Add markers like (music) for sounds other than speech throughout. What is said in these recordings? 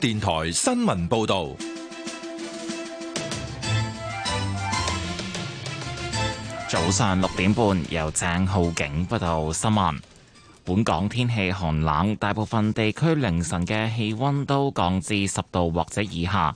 電台新聞報道：早上六點半，由鄭浩景報道新聞。本港天氣寒冷，大部分地區凌晨嘅氣溫都降至十度或者以下。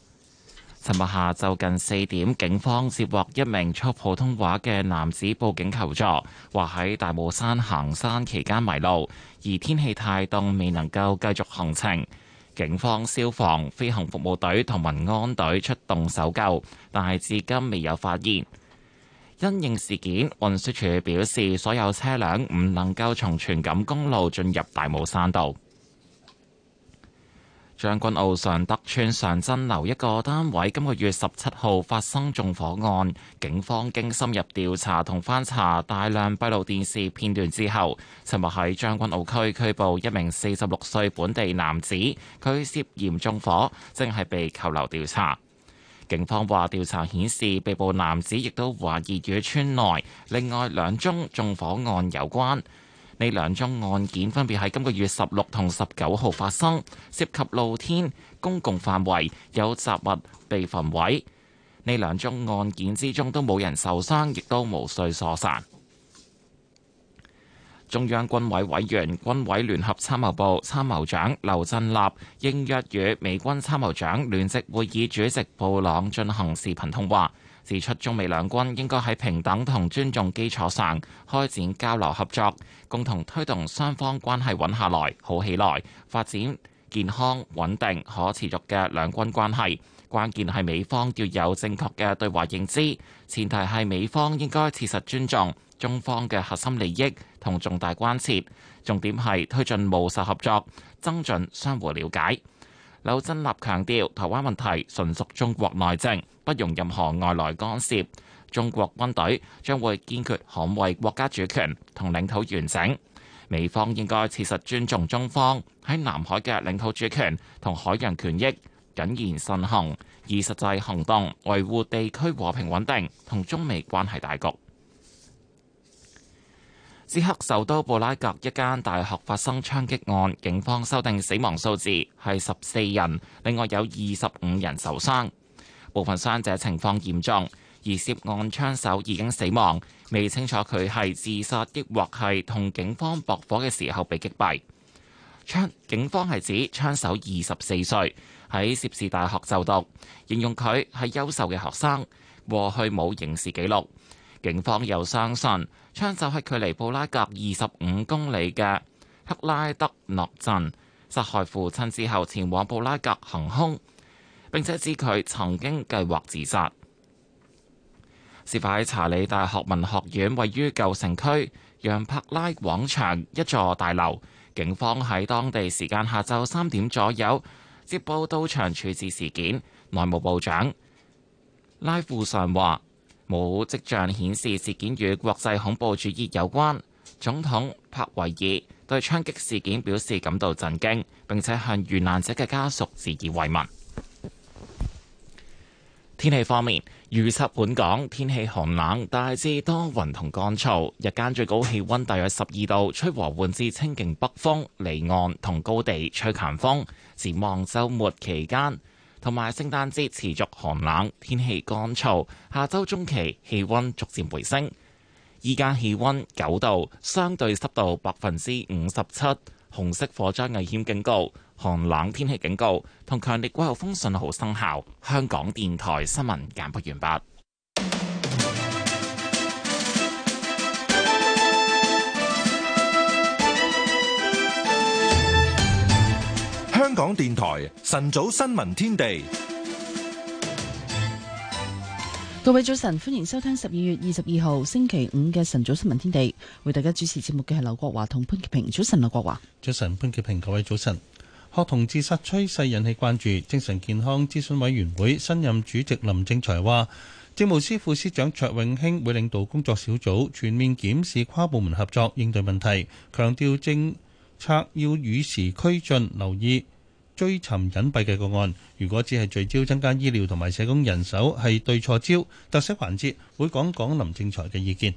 尋日下晝近四點，警方接獲一名操普通話嘅男子報警求助，話喺大帽山行山期間迷路，而天氣太凍，未能夠繼續行程。警方、消防、飛行服務隊同民安隊出動搜救，但係至今未有發現。因應事件，運輸署表示，所有車輛唔能夠從荃錦公路進入大帽山道。將軍澳尚德邨尚真樓，一個單位，今個月十七號發生縱火案。警方經深入調查同翻查，大量閉路電視片段之後，尋日喺將軍澳區拘捕一名四十六歲本地男子，佢涉嫌縱火，正係被扣留調查。警方話，調查顯示被捕男子亦都懷疑與村內另外兩宗縱火案有關。呢兩宗案件分別喺今個月十六同十九號發生，涉及露天公共範圍有雜物被焚毀。呢兩宗案件之中都冇人受傷，亦都無需疏散。中央軍委委員、軍委聯合參謀部參謀長劉振立應約與美軍參謀長聯席會議主席布朗進行視頻通話。指出中美兩軍應該喺平等同尊重基礎上開展交流合作，共同推動雙方關係穩下來、好起來，發展健康穩定可持續嘅兩軍關係。關鍵係美方要有正確嘅對話認知，前提係美方應該切實尊重中方嘅核心利益同重大關切，重點係推進務實合作，增進相互了解。劉振立強調，台灣問題純屬中國內政，不容任何外來干涉。中國軍隊將會堅決捍衛國家主權同領土完整。美方應該切實尊重中方喺南海嘅領土主權同海洋權益，謹言慎行，以實際行動維護地區和平穩定同中美關係大局。捷克首都布拉格一間大學發生槍擊案，警方修訂死亡數字係十四人，另外有二十五人受傷，部分傷者情況嚴重，而涉案槍手已經死亡，未清楚佢係自殺抑或係同警方駁火嘅時候被擊斃。槍警方係指槍手二十四歲，喺涉事大學就讀，形容佢係優秀嘅學生，過去冇刑事記錄。警方又相信，槍手係距離布拉格二十五公里嘅克拉德諾鎮殺害父親之後，前往布拉格行凶，並且知佢曾經計劃自殺。事發喺查理大學文學院，位於舊城區揚柏拉廣場一座大樓。警方喺當地時間下晝三點左右接報到場處置事件。內務部長拉富上話。冇跡象顯示事件與國際恐怖主義有關。總統帕維爾對槍擊事件表示感到震驚，並且向遇難者嘅家屬致以慰問。 (noise) 天氣方面，預測本港天氣寒冷，大致多雲同乾燥，日間最高氣温大約十二度，吹和緩至清勁北風，離岸同高地吹強風。展望週末期間，同埋聖誕節持續寒冷，天氣乾燥。下周中期氣温逐漸回升。依家氣温九度，相對濕度百分之五十七，紅色火災危險警告、寒冷天氣警告同強烈季候風信號生效。香港電台新聞簡報完畢。香港電台晨早新聞天地，各位早晨，歡迎收聽十二月二十二號星期五嘅晨早新聞天地。為大家主持節目嘅係劉國華同潘潔平。早晨，劉國華。早晨，潘潔平。各位早晨。學童自殺趨勢引起關注，精神健康諮詢委員會新任主席林正財話，政務司副司長卓永興會，會領導工作小組全面檢視跨部門合作應對問題，強調政策要與時俱進，留意，追尋隱蔽嘅個案。如果只係聚焦增加醫療同埋社工人手係對錯招。特色環節會講講林正財嘅意見。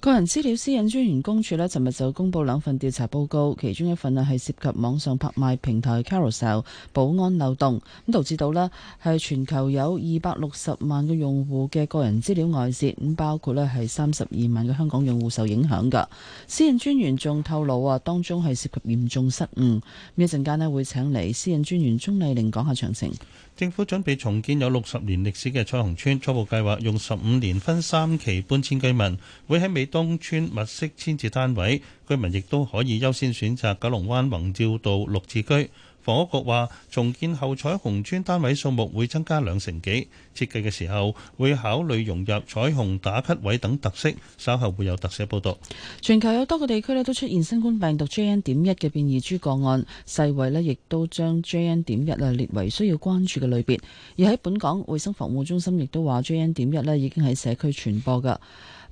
個人資料私隱專員公署呢，尋日就公布兩份調查報告，其中一份啊係涉及網上拍賣平台 Carousell 保安漏洞，咁導致到呢係全球有二百六十萬嘅用戶嘅個人資料外泄，咁包括呢係三十二萬嘅香港用戶受影響嘅。私隱專員仲透露啊，當中係涉及嚴重失誤。咁一陣間呢，會請嚟私隱專員鍾麗玲講下詳情。政府準備重建有六十年歷史嘅彩虹村，初步計劃用十五年分三期搬遷居民，會喺美東邨物色遷置單位，居民亦都可以優先選擇九龍灣宏照道綠置居。房屋局話重建後彩虹邨單位數目會增加兩成幾，設計嘅時候會考慮融入彩虹打卡位等特色。稍後會有特寫報道。全球有多個地區咧都出現新冠病毒 JN. 點一嘅變異株個案，世衛咧亦都將 JN. 點一啊列為需要關注嘅類別。而喺本港，衛生防護中心亦都話 JN. 點一咧已經喺社區傳播嘅。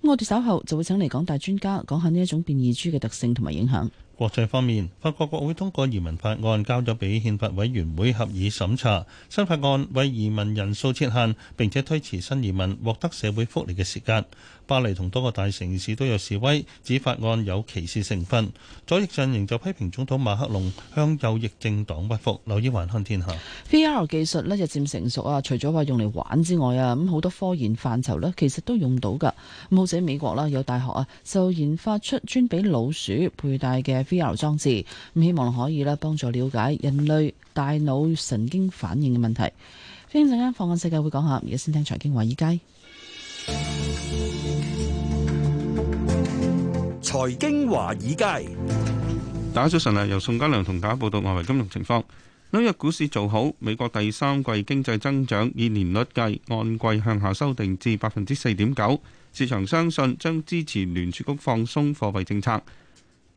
我哋稍後就會請嚟港大專家講下呢一種變異株嘅特性同埋影響。國際方面，法國國會通過移民法案，交咗畀憲法委員會合議審查。新法案為移民人數設限，並且推遲新移民獲得社會福利嘅時間。巴黎同多個大城市都有示威，指法案有歧視成分。左翼陣營就批評總統馬克龍向右翼政黨屈服。留意環看天下。VR 技術呢日漸成熟啊，除咗話用嚟玩之外啊，咁好多科研範疇呢，其實都用到噶。咁好似喺美國啦，有大學啊，就研發出專俾老鼠佩戴嘅 VR 裝置，咁希望可以呢幫助了解人類大腦神經反應嘅問題。先陣間放眼世界會講下，而家先聽財經華爾街。財經華爾街，大家早晨啊！由宋家良同大家報道外圍金融情況。紐約股市做好，美國第三季經濟增長以年率計，按季向下修訂至百分之四點九，市場相信將支持聯儲局放鬆貨幣政策。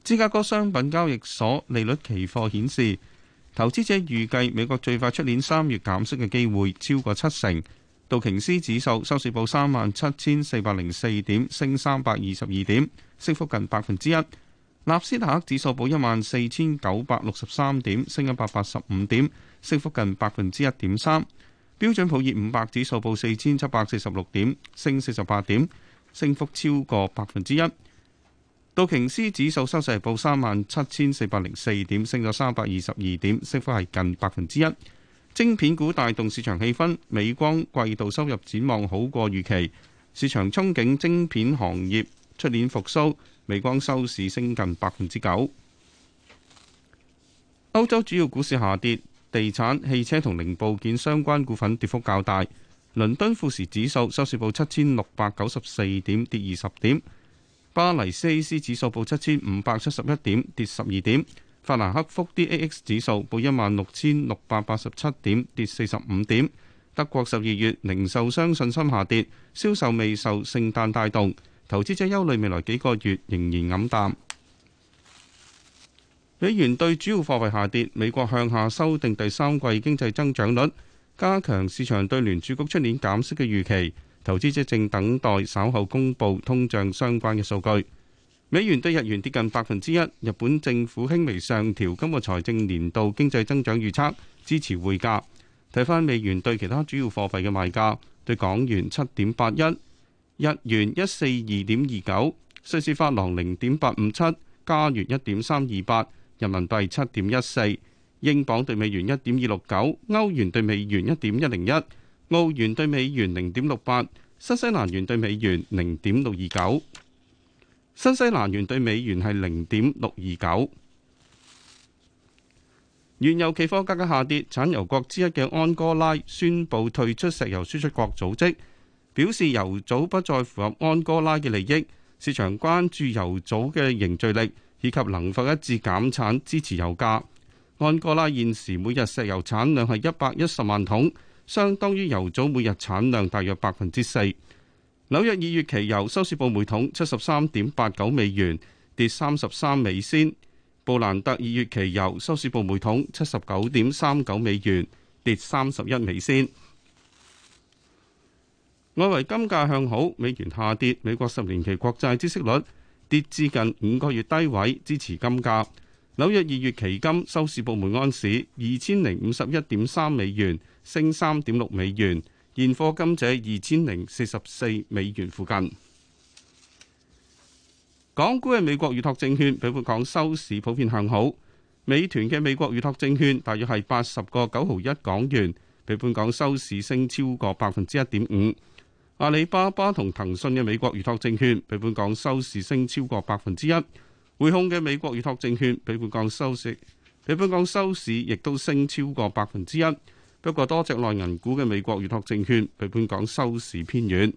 芝加哥商品交易所利率期貨顯示，投資者預計美國最快出年三月減息嘅機會超過七成。道瓊斯指數收市報三萬七千四百零四點，升三百二十二點。升幅近百分之一。納斯達克指數報一萬四千九百六十三點，升一百八十五點，升幅近百分之一點三。標準普爾五百指數報四千七百四十六點，升四十八點，升幅超過百分之一。道瓊斯指數收市報三萬七千四百零四點，升咗三百二十二點，升幅係近百分之一。晶片股帶動市場氣氛，美光季度收入展望好過預期，市場憧憬晶片行業。出年復甦，美光收市升近百分之九。歐洲主要股市下跌，地產、汽車同零部件相關股份跌幅較大。倫敦富時指數收市報七千六百九十四點，跌二十點。巴黎 CAC 指數報七千五百七十一點，跌十二點。法蘭克福 DAX 指數報一萬六千六百八十七點，跌四十五點。德國十二月零售商信心下跌，銷售未受聖誕帶動。投資者憂慮未來幾個月仍然黯淡。美元對主要貨幣下跌，美國向下修訂第三季經濟增長率，加強市場對聯儲局出年減息嘅預期。投資者正等待稍後公布通脹相關嘅數據。美元對日元跌近百分之一，日本政府輕微上調今個財政年度經濟增長預測，支持匯價。睇返美元對其他主要貨幣嘅賣價，對港元七點八一。.日元一四二點二九，瑞士法郎零點八五七，加元一點三二八，人民幣七點一四，英鎊兌美元一點二六九，歐元兌美元一點一零一，澳元兌美元零點六八，新西蘭元兌美元零點六二九，新西蘭元兌美元係零點六二九。原油期貨價格下跌，產油國之一嘅安哥拉宣布退出石油輸出國組織。表示油組不再符合安哥拉嘅利益，市場關注油組嘅凝聚力以及能否一致減產支持油價。安哥拉現時每日石油產量係一百一十萬桶，相當於油組每日產量大約百分之四。紐約二月期油收市報每桶七十三點八九美元，跌三十三美仙。布蘭特二月期油收市報每桶七十九點三九美元，跌三十一美仙。外圍金價向好，美元下跌，美國十年期國債孳息率跌至近五個月低位，支持金價。紐約二月期金收市報每安市二千零五十一點三美元，升三點六美元，現貨金則二千零四十四美元附近。港股嘅美國預託證券，比本港收市普遍向好，美團嘅美國預託證券大約係八十個九毫一港元，比本港收市升超過百分之一點五。阿里巴巴同騰訊嘅美國預託證券比本港收市升超過百分之一，匯控嘅美國預託證券比本港收市比本港收市亦都升超過百分之一，不過多隻內銀股嘅美國預託證券比本港收市偏軟。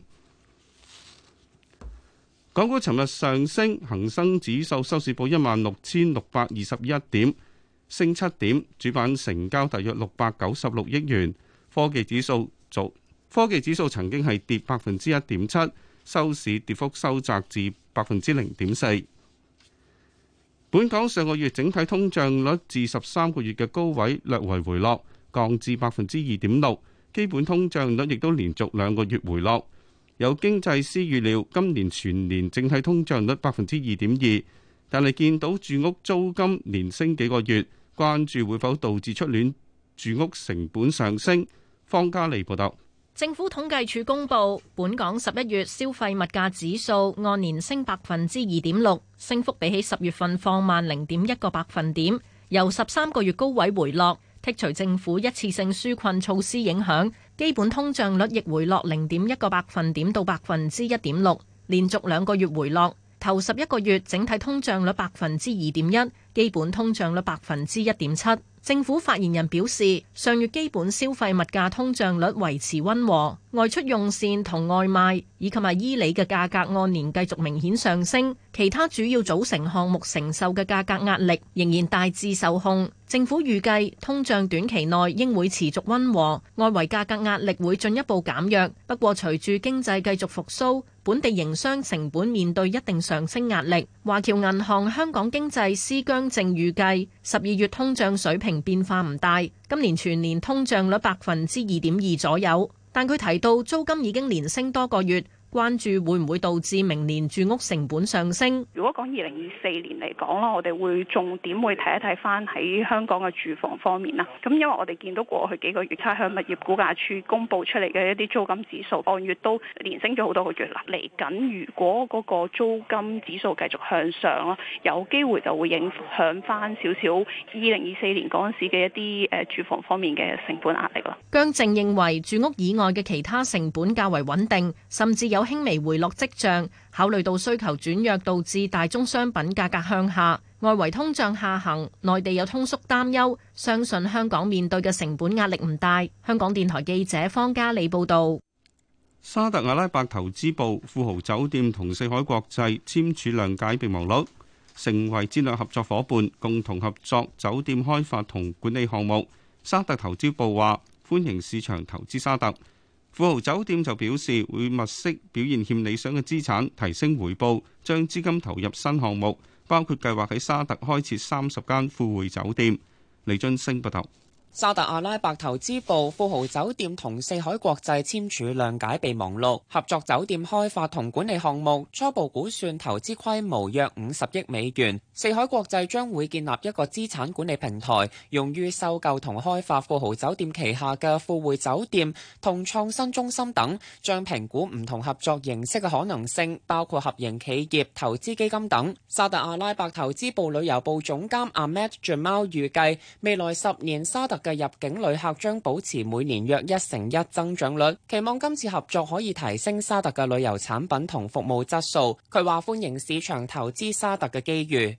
港股尋日上升，恒生指數收市報一萬六千六百二十一點，升七點，主板成交大約六百九十六億元，科技指數組。科技指數曾經係跌百分之一點七，收市跌幅收窄至百分之零點四。本港上個月整體通脹率至十三個月嘅高位，略為回落，降至百分之二點六。基本通脹率亦都連續兩個月回落。有經濟師預料，今年全年整體通脹率百分之二點二，但係見到住屋租金連升幾個月，關注會否導致出年住屋成本上升。方家利報道。政府統計處公布，本港十一月消費物價指數按年升百分之二點六，升幅比起十月份放慢零點一個百分點，由十三個月高位回落。剔除政府一次性紓困措施影響，基本通脹率亦回落零點一個百分點到百分之一點六，連續兩個月回落。頭十一個月整體通脹率百分之二點一，基本通脹率百分之一點七。政府發言人表示，上月基本消費物價通脹率維持溫和，外出用膳同外賣以及咪衣履嘅價格按年繼續明顯上升，其他主要組成項目承受嘅價格壓力仍然大致受控。政府預計通脹短期內應會持續溫和，外圍價格壓力會進一步減弱。不過，隨住經濟繼續復甦，本地營商成本面對一定上升壓力。華僑銀行香港經濟師姜正預計十二月通脹水平變化唔大，今年全年通脹率百分之二點二左右。但佢提到租金已經連升多個月。關注會唔會導致明年住屋成本上升？如果講二零二四年嚟講啦，我哋會重點會睇一睇翻喺香港嘅住房方面啦。咁因為我哋見到過去幾個月差餉物業估價署公布出嚟嘅一啲租金指數，按月都連升咗好多個月啦。嚟緊如果嗰個租金指數繼續向上咯，有機會就會影響翻少少二零二四年嗰陣時嘅一啲誒住房方面嘅成本壓力啦。姜正認為住屋以外嘅其他成本較為穩定，甚至有輕微回落跡象，考慮到需求轉弱導致大宗商品價格向下，外圍通脹下行，內地有通縮擔憂，相信香港面對嘅成本壓力唔大。香港電台記者方嘉利報道：沙特阿拉伯投資部、富豪酒店同四海國際簽署諒解備忘錄，成為戰略合作伙伴，共同合作酒店開發同管理項目。沙特投資部話：歡迎市場投資沙特。富豪酒店就表示會物色表現欠理想嘅資產，提升回報，將資金投入新項目，包括計劃喺沙特開設三十間富薈酒店。李津升報道。沙特阿拉伯投資部富豪酒店同四海國際簽署諒解備忘錄，合作酒店開發同管理項目，初步估算投資規模約五十億美元。四海國際將會建立一個資產管理平台，用於收購同開發富豪酒店旗下嘅富匯酒店同創新中心等，將評估唔同合作形式嘅可能性，包括合營企業、投資基金等。沙特阿拉伯投資部旅遊部總監阿 Matt 麥俊貓預計，未來十年沙特嘅入境旅客將保持每年約一成一增長率，期望今次合作可以提升沙特嘅旅遊產品同服務質素。佢話歡迎市場投資沙特嘅機遇。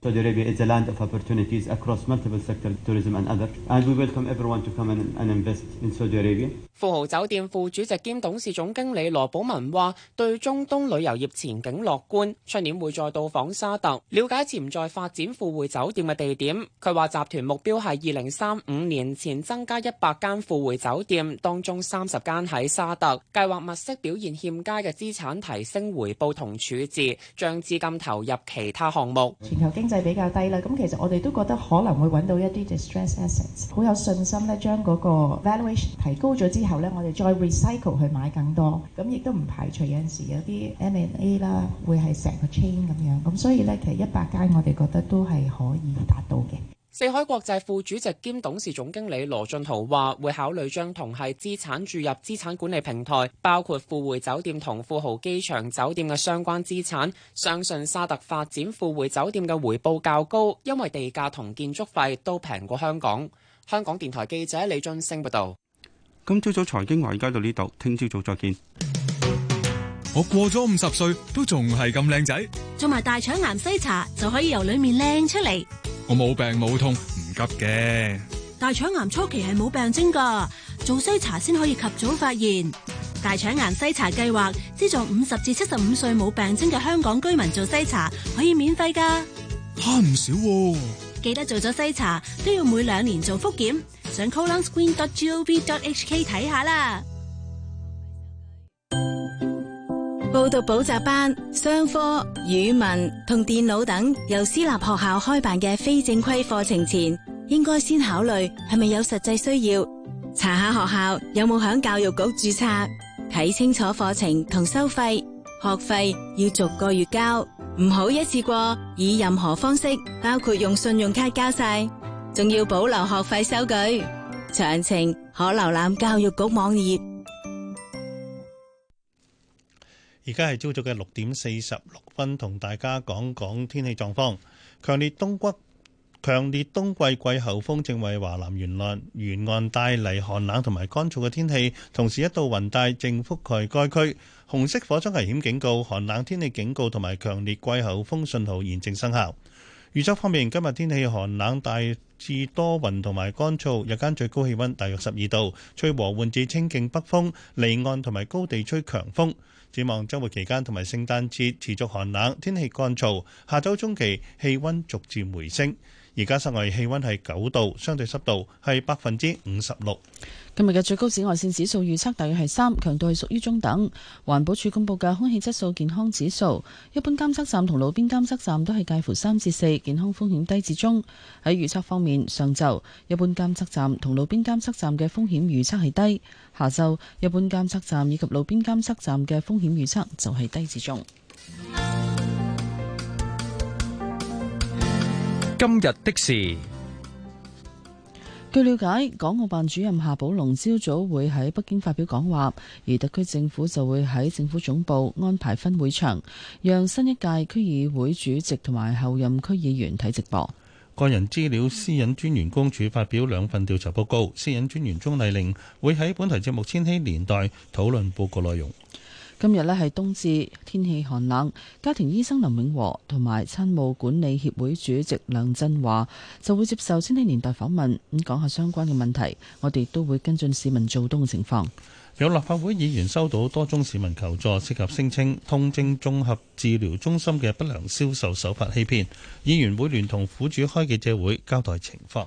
富豪酒店副主席兼董事總經理羅寶文話對中東旅遊業前景樂觀，出年會再到訪沙特了解潛在發展富薈酒店嘅地點。佢話集團目標係二零三五年前增加一百間富匯酒店，當中三十間喺沙特。計劃物色表現欠佳嘅資產，提升回報同處置，將資金投入其他項目。全球經濟比較低啦，咁其實我哋都覺得可能會揾到一啲 distressed assets，好有信心咧，將嗰個 valuation 提高咗之後咧，我哋再 recycle 去買更多。咁亦都唔排除有陣時有啲 M&A 啦，A, 會係成個 chain 咁樣。咁所以咧，其實一百間我哋覺得都係可以達到嘅。四海國際副主席兼董事總經理羅俊濤話，會考慮將同系資產注入資產管理平台，包括富匯酒店同富豪機場酒店嘅相關資產。相信沙特發展富匯酒店嘅回報較高，因為地價同建築費都平過香港。香港電台記者李俊升報道。今朝早財經華爾街到呢度，聽朝早再見。我過咗五十歲都仲係咁靚仔。做埋大腸癌篩查就可以由裏面靚出嚟。我冇病冇痛，唔急嘅。大腸癌初期係冇病徵噶，做篩查先可以及早發現。大腸癌篩查計劃資助五十至七十五歲冇病徵嘅香港居民做篩查，可以免費噶。慳唔少喎，記得做咗篩查都要每兩年做複檢，上 colonscreen.gov.hk 睇下啦。報讀補習班、商科、語文同電腦等由私立學校開辦嘅非正規課程前，應該先考慮係咪有實際需要，查下學校有冇響教育局註冊，睇清楚課程同收費。學費要逐個月交，唔好一次過，以任何方式，包括用信用卡交晒，仲要保留學費收據。詳情可瀏覽教育局網頁。而家係朝早嘅六點四十六分，同大家講講天氣狀況。強烈冬骨、強烈冬季季候風正為華南沿岸沿岸帶嚟寒冷同埋乾燥嘅天氣，同時一道雲帶正覆蓋該區。紅色火災危險警告、寒冷天氣警告同埋強烈季候風信號現正生效。預測方面，今日天氣寒冷、大致多雲同埋乾燥，日間最高氣温大約十二度，吹和緩至清勁北風，離岸同埋高地吹強風。展望周末期間同埋聖誕節持續寒冷，天氣乾燥。下周中期氣溫逐漸回升。而家室外氣溫係九度，相對濕度係百分之五十六。今日嘅最高紫外線指數預測大約係三，強度係屬於中等。環保署公布嘅空氣質素健康指數，一般監測站同路邊監測站都係介乎三至四，健康風險低至中。喺預測方面，上晝一般監測站同路邊監測站嘅風險預測係低，下晝一般監測站以及路邊監測站嘅風險預測就係低至中。 (music) 今日的事，據了解，港澳辦主任夏寶龍朝早會喺北京發表講話，而特區政府就會喺政府總部安排分會場，讓新一屆區議會主席同埋後任區議員睇直播。個人資料私隱專員公署發表兩份調查報告，私隱專員鍾麗玲會喺本台節目《千禧年代》討論報告內容。今日呢，係冬至，天氣寒冷。家庭醫生林永和同埋餐務管理協會主席梁振華就會接受《千禧年代》訪問，咁講下相關嘅問題，我哋都會跟進市民做冬嘅情況。有立法會議員收到多宗市民求助，涉及聲稱通證綜合治療中心嘅不良銷售手法欺騙，議員會聯同苦主開記者會交代情況。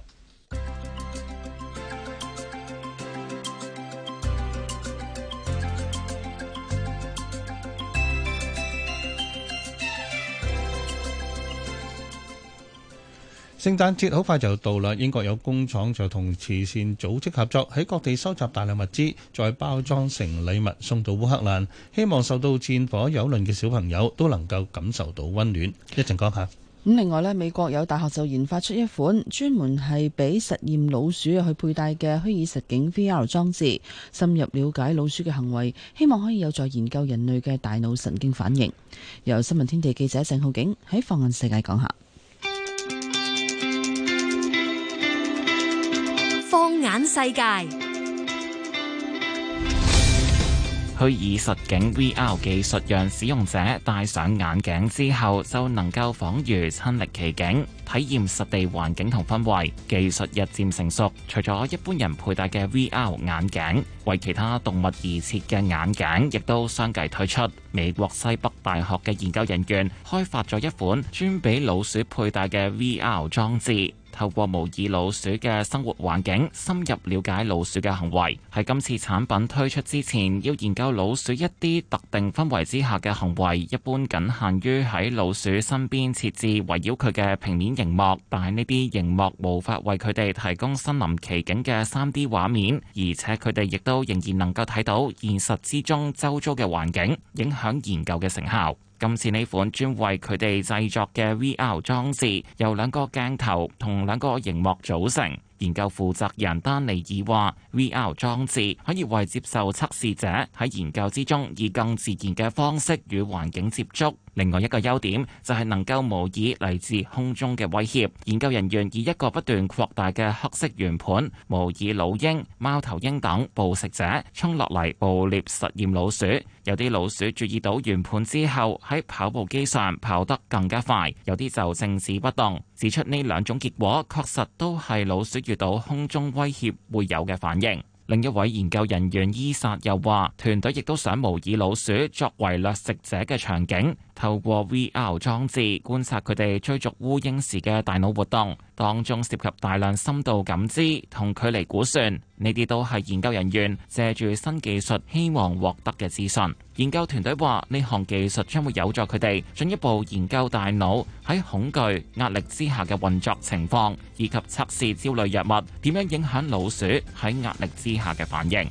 聖誕節好快就到啦，英國有工廠就同慈善組織合作，喺各地收集大量物資，再包裝成禮物送到烏克蘭，希望受到戰火蹂躪嘅小朋友都能夠感受到溫暖。一陣講下。咁另外咧，美國有大學就研發出一款專門係俾實驗老鼠去佩戴嘅虛擬實境 VR 裝置，深入了解老鼠嘅行為，希望可以有助研究人類嘅大腦神經反應。由新聞天地記者鄭浩景喺放眼世界講下。眼世界，虛擬實景 VR 技術讓使用者戴上眼鏡之後，就能夠仿如親歷其境，體驗實地環境同氛圍。技術日漸成熟，除咗一般人佩戴嘅 VR 眼鏡，為其他動物而設嘅眼鏡亦都相繼推出。美國西北大學嘅研究人員開發咗一款專俾老鼠佩戴嘅 VR 裝置。透過模擬老鼠嘅生活環境，深入了解老鼠嘅行為。喺今次產品推出之前，要研究老鼠一啲特定氛圍之下嘅行為，一般僅限於喺老鼠身邊設置圍繞佢嘅平面熒幕，但係呢啲熒幕無法為佢哋提供身臨其境嘅 3D 畫面，而且佢哋亦都仍然能夠睇到現實之中周遭嘅環境，影響研究嘅成效。今次呢款專為佢哋製作嘅 VR 裝置由兩個鏡頭同兩個熒幕組成。研究負責人丹尼爾話，VR 裝置可以為接受測試者喺研究之中以更自然嘅方式與環境接觸。另外一個優點就係能夠模擬嚟自空中嘅威脅。研究人員以一個不斷擴大嘅黑色圓盤模擬老鷹、貓頭鷹等捕食者衝落嚟捕獵實驗老鼠。有啲老鼠注意到圓盤之後喺跑步機上跑得更加快，有啲就靜止不動。指出呢兩種結果確實都係老鼠遇到空中威脅會有嘅反應。另一位研究人員伊薩又話團隊亦都想模擬老鼠作為掠食者嘅場景，透過 VR 裝置觀察佢哋追逐烏蠅時嘅大腦活動。當中涉及大量深度感知同距離估算，呢啲都係研究人員借住新技術希望獲得嘅資訊。研究團隊話，呢項技術將會有助佢哋進一步研究大腦喺恐懼壓力之下嘅運作情況，以及測試焦慮藥物點樣影響老鼠喺壓力之下嘅反應。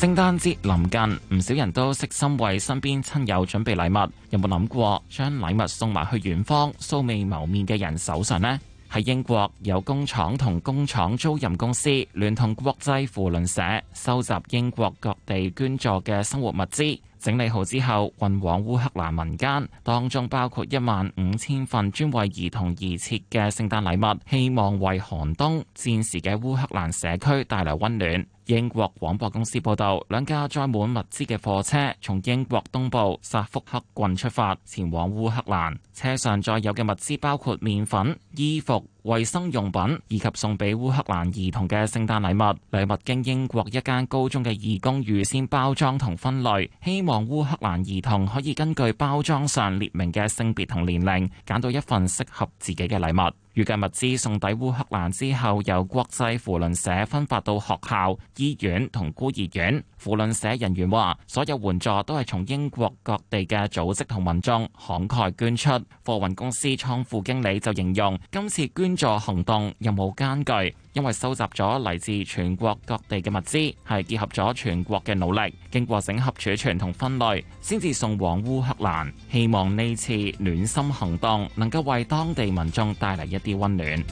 聖誕節臨近，唔少人都悉心為身邊親友準備禮物。有冇諗過將禮物送埋去遠方、素未謀面嘅人手上呢？喺英國有工廠同工廠租賃公司聯同國際扶輪社收集英國各地捐助嘅生活物資，整理好之後運往烏克蘭民間。當中包括一萬五千份專為兒童而設嘅聖誕禮物，希望為寒冬戰時嘅烏克蘭社區帶來溫暖。英國廣播公司報道，兩架載滿物資嘅貨車從英國東部薩福克郡出發，前往烏克蘭。車上載有嘅物資包括麵粉、衣服、衛生用品以及送俾烏克蘭兒童嘅聖誕禮物。禮物經英國一間高中嘅義工預先包裝同分類，希望烏克蘭兒童可以根據包裝上列明嘅性別同年齡，揀到一份適合自己嘅禮物。預計物資送抵烏克蘭之後，由國際扶輪社分發到學校、醫院同孤兒院。扶輪社人員話，所有援助都係從英國各地嘅組織同民眾慷慨捐出。貨運公司倉庫經理就形容，今次捐助行動有冇艱巨？因為收集咗嚟自全國各地嘅物資，係結合咗全國嘅努力，經過整合儲存同分類，先至送往烏克蘭。希望呢次暖心行動能夠為當地民眾帶嚟一啲溫暖。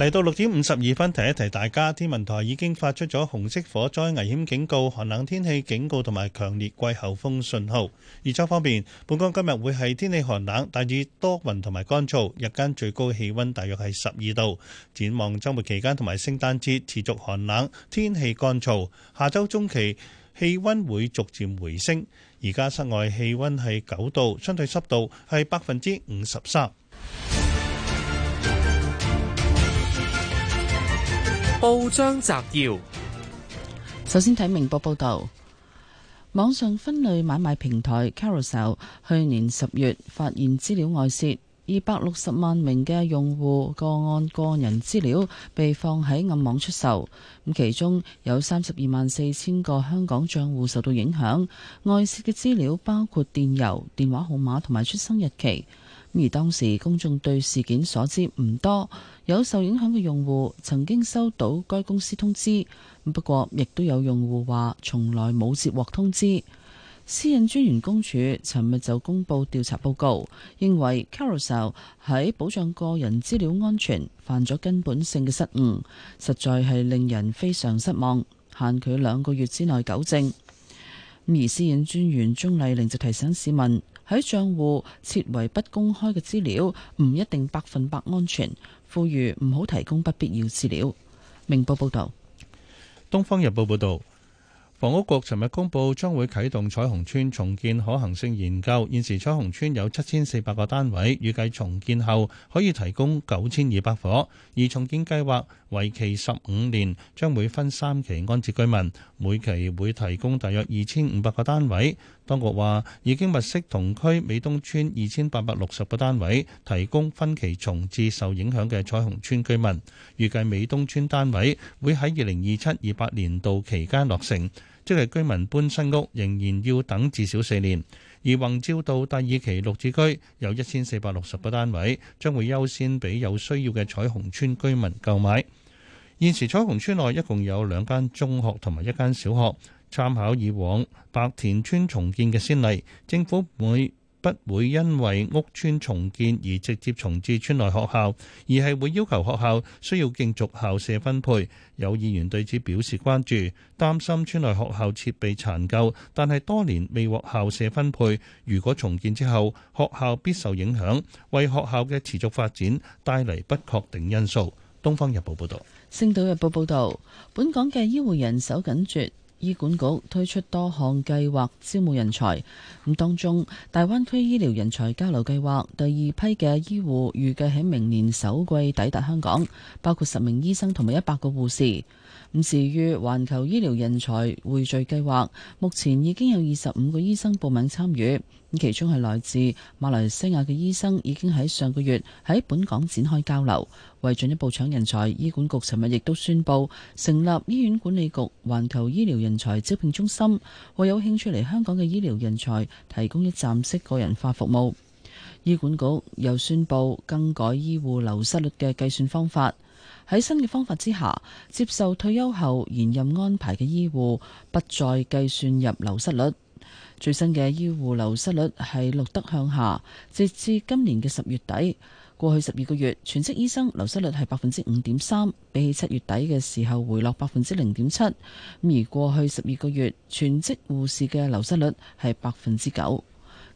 嚟到六點五十二分，提一提大家，天文台已經發出咗紅色火災危險警告、寒冷天氣警告同埋強烈季候風信號。預測方面，本港今日會係天氣寒冷，大致多雲同埋乾燥，日間最高氣温大約係十二度。展望週末期間同埋聖誕節，持續寒冷，天氣乾燥。下週中期氣温會逐漸回升。而家室外氣温係九度，相對濕度係百分之五十三。報章摘要：首先睇明報報道，網上分類買賣平台 Carousel 去年十月發現資料外洩，二百六十萬名嘅用戶個案個人資料被放喺暗網出售，咁其中有三十二萬四千個香港賬戶受到影響。外洩嘅資料包括電郵、電話號碼同埋出生日期。而當時公眾對事件所知唔多，有受影響嘅用戶曾經收到該公司通知，不過亦都有用戶話從來冇接獲通知。私隱專員公署尋日就公布調查報告，認為 Carousell 喺保障個人資料安全犯咗根本性嘅失誤，實在係令人非常失望，限佢兩個月之內糾正。而私隱專員鍾麗玲就提醒市民。喺賬戶設為不公開嘅資料，唔一定百分百安全。呼籲唔好提供不必要資料。明報報道，東方日報報道，房屋局尋日公布將會啟動彩虹邨重建可行性研究。現時彩虹邨有七千四百個單位，預計重建後可以提供九千二百伙。而重建計劃為期十五年，將會分三期安置居民，每期會提供大約二千五百個單位。當局話已經物色同區美東村二千八百六十個單位，提供分期重置受影響嘅彩虹村居民。預計美東村單位會喺二零二七二八年度期間落成，即係居民搬新屋仍然要等至少四年。而宏照道第二期綠置居有一千四百六十個單位，將會優先俾有需要嘅彩虹村居民購買。現時彩虹村內一共有兩間中學同埋一間小學。參考以往白田村重建嘅先例，政府會不會因為屋邨重建而直接重置村內學校，而係會要求學校需要競逐校舍分配？有議員對此表示關注，擔心村內學校設備殘舊，但係多年未獲校舍分配。如果重建之後，學校必受影響，為學校嘅持續發展帶嚟不確定因素。《東方日報》報道，《星島日報》報道，本港嘅醫護人手緊絕。醫管局推出多項計劃招募人才，咁當中大灣區醫療人才交流計劃第二批嘅醫護預計喺明年首季抵達香港，包括十名醫生同埋一百個護士。咁至於環球醫療人才匯聚計劃，目前已經有二十五個醫生報名參與。咁其中係來自馬來西亞嘅醫生已經喺上個月喺本港展開交流。為進一步搶人才，醫管局尋日亦都宣布成立醫院管理局環球醫療人才招聘中心，為有興趣嚟香港嘅醫療人才提供一站式個人化服務。醫管局又宣布更改醫護流失率嘅計算方法。喺新嘅方法之下，接受退休後延任安排嘅醫護不再計算入流失率。最新嘅醫護流失率係錄得向下，直至今年嘅十月底。過去十二個月全職醫生流失率係百分之五點三，比起七月底嘅時候回落百分之零點七。咁而過去十二個月全職護士嘅流失率係百分之九。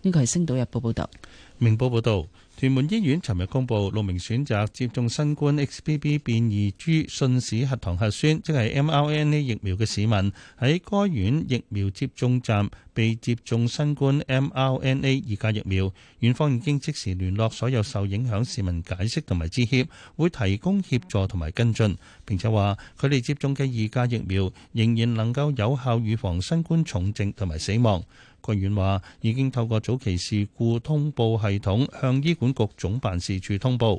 呢個係星島日報報道。明報報導。屯門醫院尋日公布六名選擇接種新冠 XBB 變異株信使核糖核酸，即係 mRNA 疫苗嘅市民，喺該院疫苗接種站被接種新冠 mRNA 二價疫苗。院方已經即時聯絡所有受影響市民解釋同埋致歉，會提供協助同埋跟進。並且話，佢哋接種嘅二價疫苗仍然能夠有效預防新冠重症同埋死亡。官院話，已經透過早期事故通報系統向醫管局總辦事處通報。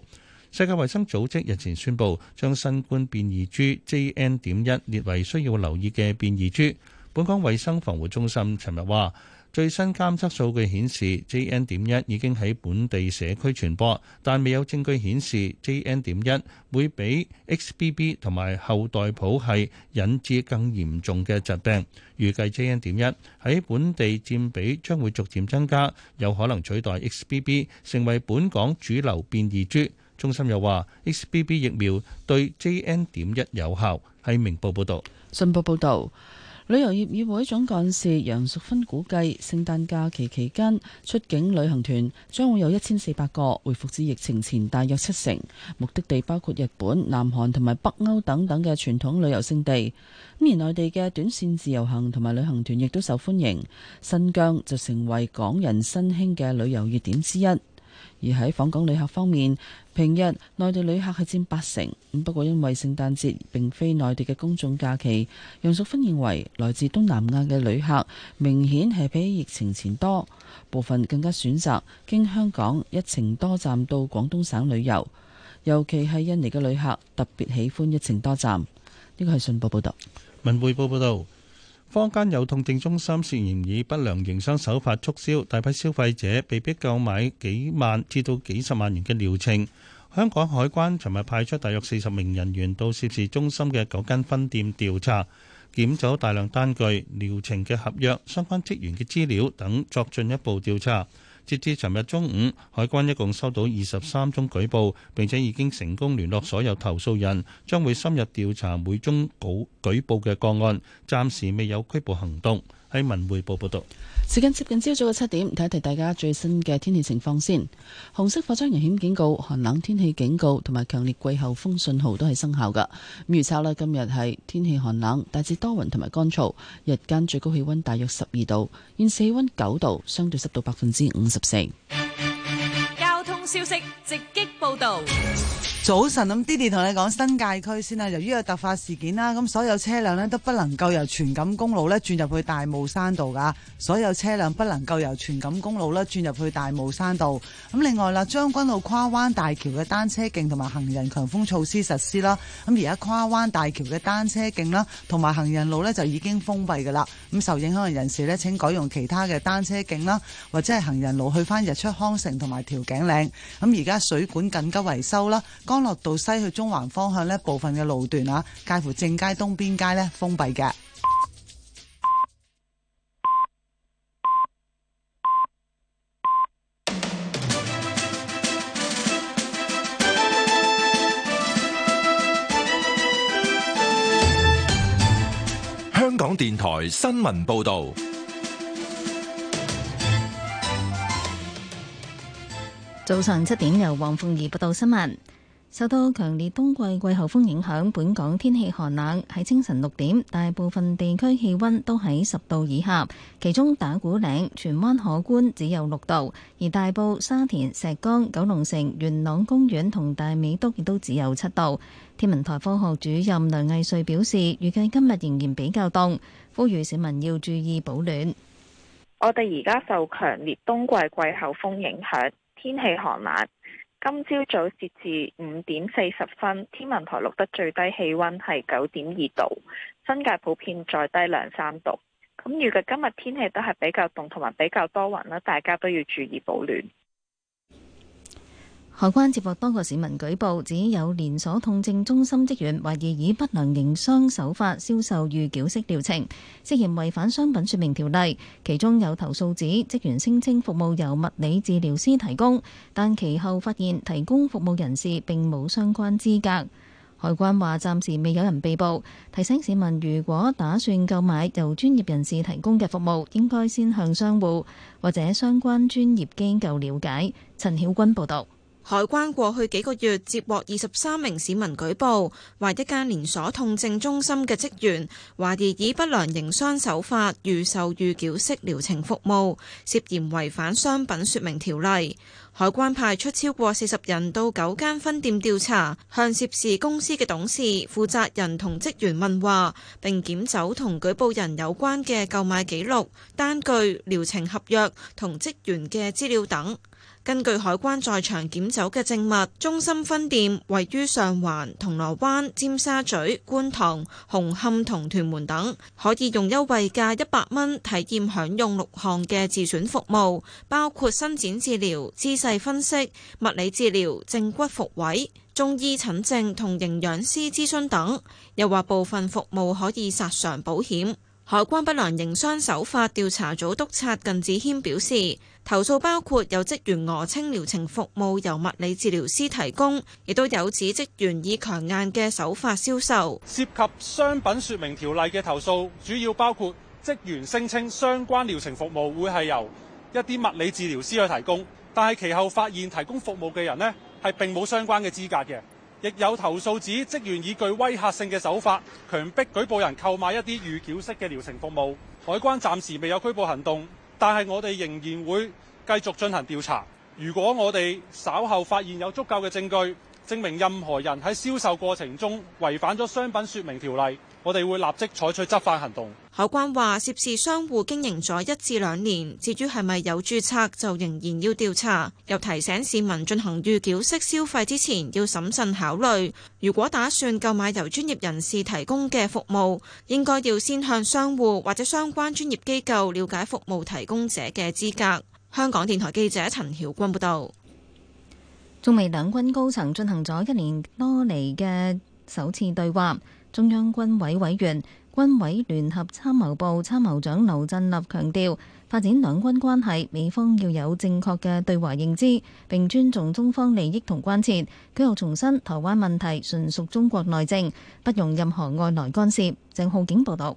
世界衛生組織日前宣布，將新冠變異株 JN 點一列為需要留意嘅變異株。本港衛生防護中心尋日話。最新監測數據顯示，JN. 點一已經喺本地社區傳播，但未有證據顯示 JN. 點一會比 XBB 同埋後代譜系引致更嚴重嘅疾病。預計 JN. 點一喺本地佔比將會逐漸增加，有可能取代 XBB 成為本港主流變異株。中心又話，XBB 疫苗對 JN. 點一有效。係明報報道。信報報導。旅遊業議會總幹事楊淑芬估計，聖誕假期期間出境旅行團將會有一千四百個，回復至疫情前大約七成。目的地包括日本、南韓同埋北歐等等嘅傳統旅遊勝地。咁而內地嘅短線自由行同埋旅行團亦都受歡迎，新疆就成為港人新興嘅旅遊熱點之一。而喺訪港旅客方面，平日內地旅客係佔八成，不過因為聖誕節並非內地嘅公眾假期，楊淑芬認為來自東南亞嘅旅客明顯係比疫情前多，部分更加選擇經香港一程多站到廣東省旅遊，尤其係印尼嘅旅客特別喜歡一程多站。呢個係信報報道。文匯報報道。坊間有痛症中心涉嫌以不良營商手法促銷，大批消費者被逼購買幾萬至到幾十萬元嘅療程。香港海關尋日派出大約四十名人員到涉事中心嘅九間分店調查，檢走大量單據、療程嘅合約、相關職員嘅資料等，作進一步調查。截至尋日中午，海關一共收到二十三宗舉報，並且已經成功聯絡所有投訴人，將會深入調查每宗舉舉報嘅個案，暫時未有拘捕行動。喺文匯報報道，時間接近朝早嘅七點，睇一睇大家最新嘅天氣情況先。紅色火災危險警告、寒冷天氣警告同埋強烈季候風信號都係生效㗎。咁預測啦，今日係天氣寒冷，大致多雲同埋乾燥，日間最高氣溫大約十二度，現時氣溫九度，相對濕度百分之五十四。交通消息直擊報道。早晨，咁爹哋同你講新界區先啦，由於有突發事件啦，咁所有車輛咧都不能夠由荃錦公路咧轉入去大帽山道噶，所有車輛不能夠由荃錦公路咧轉入去大帽山道。咁另外啦，將軍澳跨灣大橋嘅單車徑同埋行人強風措施實施啦，咁而家跨灣大橋嘅單車徑啦同埋行人路咧就已經封閉噶啦，咁受影響嘅人士咧請改用其他嘅單車徑啦或者係行人路去翻日出康城同埋調景嶺。咁而家水管緊急維修啦。康樂道西去中環方向呢，部分嘅路段啊，介乎正街東邊街呢封閉嘅。香港電台新聞報道，早上七點由黃鳳儀報道新聞。受到強烈冬季季候風影響，本港天氣寒冷。喺清晨六點，大部分地區氣温都喺十度以下，其中打鼓嶺、荃灣、可觀只有六度，而大埔、沙田、石崗、九龍城、元朗公園同大美督亦都只有七度。天文台科學主任梁毅瑞表示，預計今日仍然比較凍，呼籲市民要注意保暖。我哋而家受強烈冬季季候風影響，天氣寒冷。今朝早截至五點四十分，天文台錄得最低氣溫係九點二度，新界普遍再低兩三度。咁預計今日天氣都係比較凍，同埋比較多雲啦，大家都要注意保暖。海關接獲多個市民舉報，指有連鎖痛症中心職員懷疑以不良營商手法銷售預繳式療程，涉嫌違反商品說明條例。其中有投訴指職員聲稱服務由物理治療師提供，但其後發現提供服務人士並冇相關資格。海關話暫時未有人被捕，提醒市民如果打算購買由專業人士提供嘅服務，應該先向商戶或者相關專業機構了解。陳曉君報道。海關過去幾個月接獲二十三名市民舉報，話一間連鎖痛症中心嘅職員懷疑以不良營商手法預售預繳式療程服務，涉嫌違反商品說明條例。海關派出超過四十人到九間分店調查，向涉事公司嘅董事、負責人同職員問話，並檢走同舉報人有關嘅購買記錄、單據、療程合約同職員嘅資料等。根據海關在場檢走嘅證物，中心分店位於上環、銅鑼灣、尖沙咀、觀塘、紅磡同屯門等，可以用優惠價一百蚊體驗享用六項嘅自選服務，包括伸展治療、姿勢分析、物理治療、正骨復位、中醫診症同營養師諮詢等。又話部分服務可以索償保險。海關不良營商手法調查組督察靳子謙表示。投訴包括有職員訛稱療程服務由物理治療師提供，亦都有指職員以強硬嘅手法銷售。涉及商品説明條例嘅投訴，主要包括職員聲稱相關療程服務會係由一啲物理治療師去提供，但係其後發現提供服務嘅人呢係並冇相關嘅資格嘅。亦有投訴指職員以具威嚇性嘅手法強迫舉報人購買一啲預繳式嘅療程服務。海關暫時未有拘捕行動。但係，我哋仍然會繼續進行調查。如果我哋稍後發現有足夠嘅證據，證明任何人喺銷售過程中違反咗商品説明條例，我哋會立即採取執法行動。考官話涉事商戶經營咗一至兩年，至於係咪有註冊，就仍然要調查，又提醒市民進行預繳式消費之前要審慎考慮。如果打算購買由專業人士提供嘅服務，應該要先向商戶或者相關專業機構了解服務提供者嘅資格。香港電台記者陳曉君報道。中美兩軍高層進行咗一年多嚟嘅首次對話，中央軍委委員、軍委聯合參謀部參謀長劉振立強調，發展兩軍關係，美方要有正確嘅對華認知，並尊重中方利益同關切。佢又重申，台灣問題純屬中國內政，不容任何外來干涉。鄭浩景報道。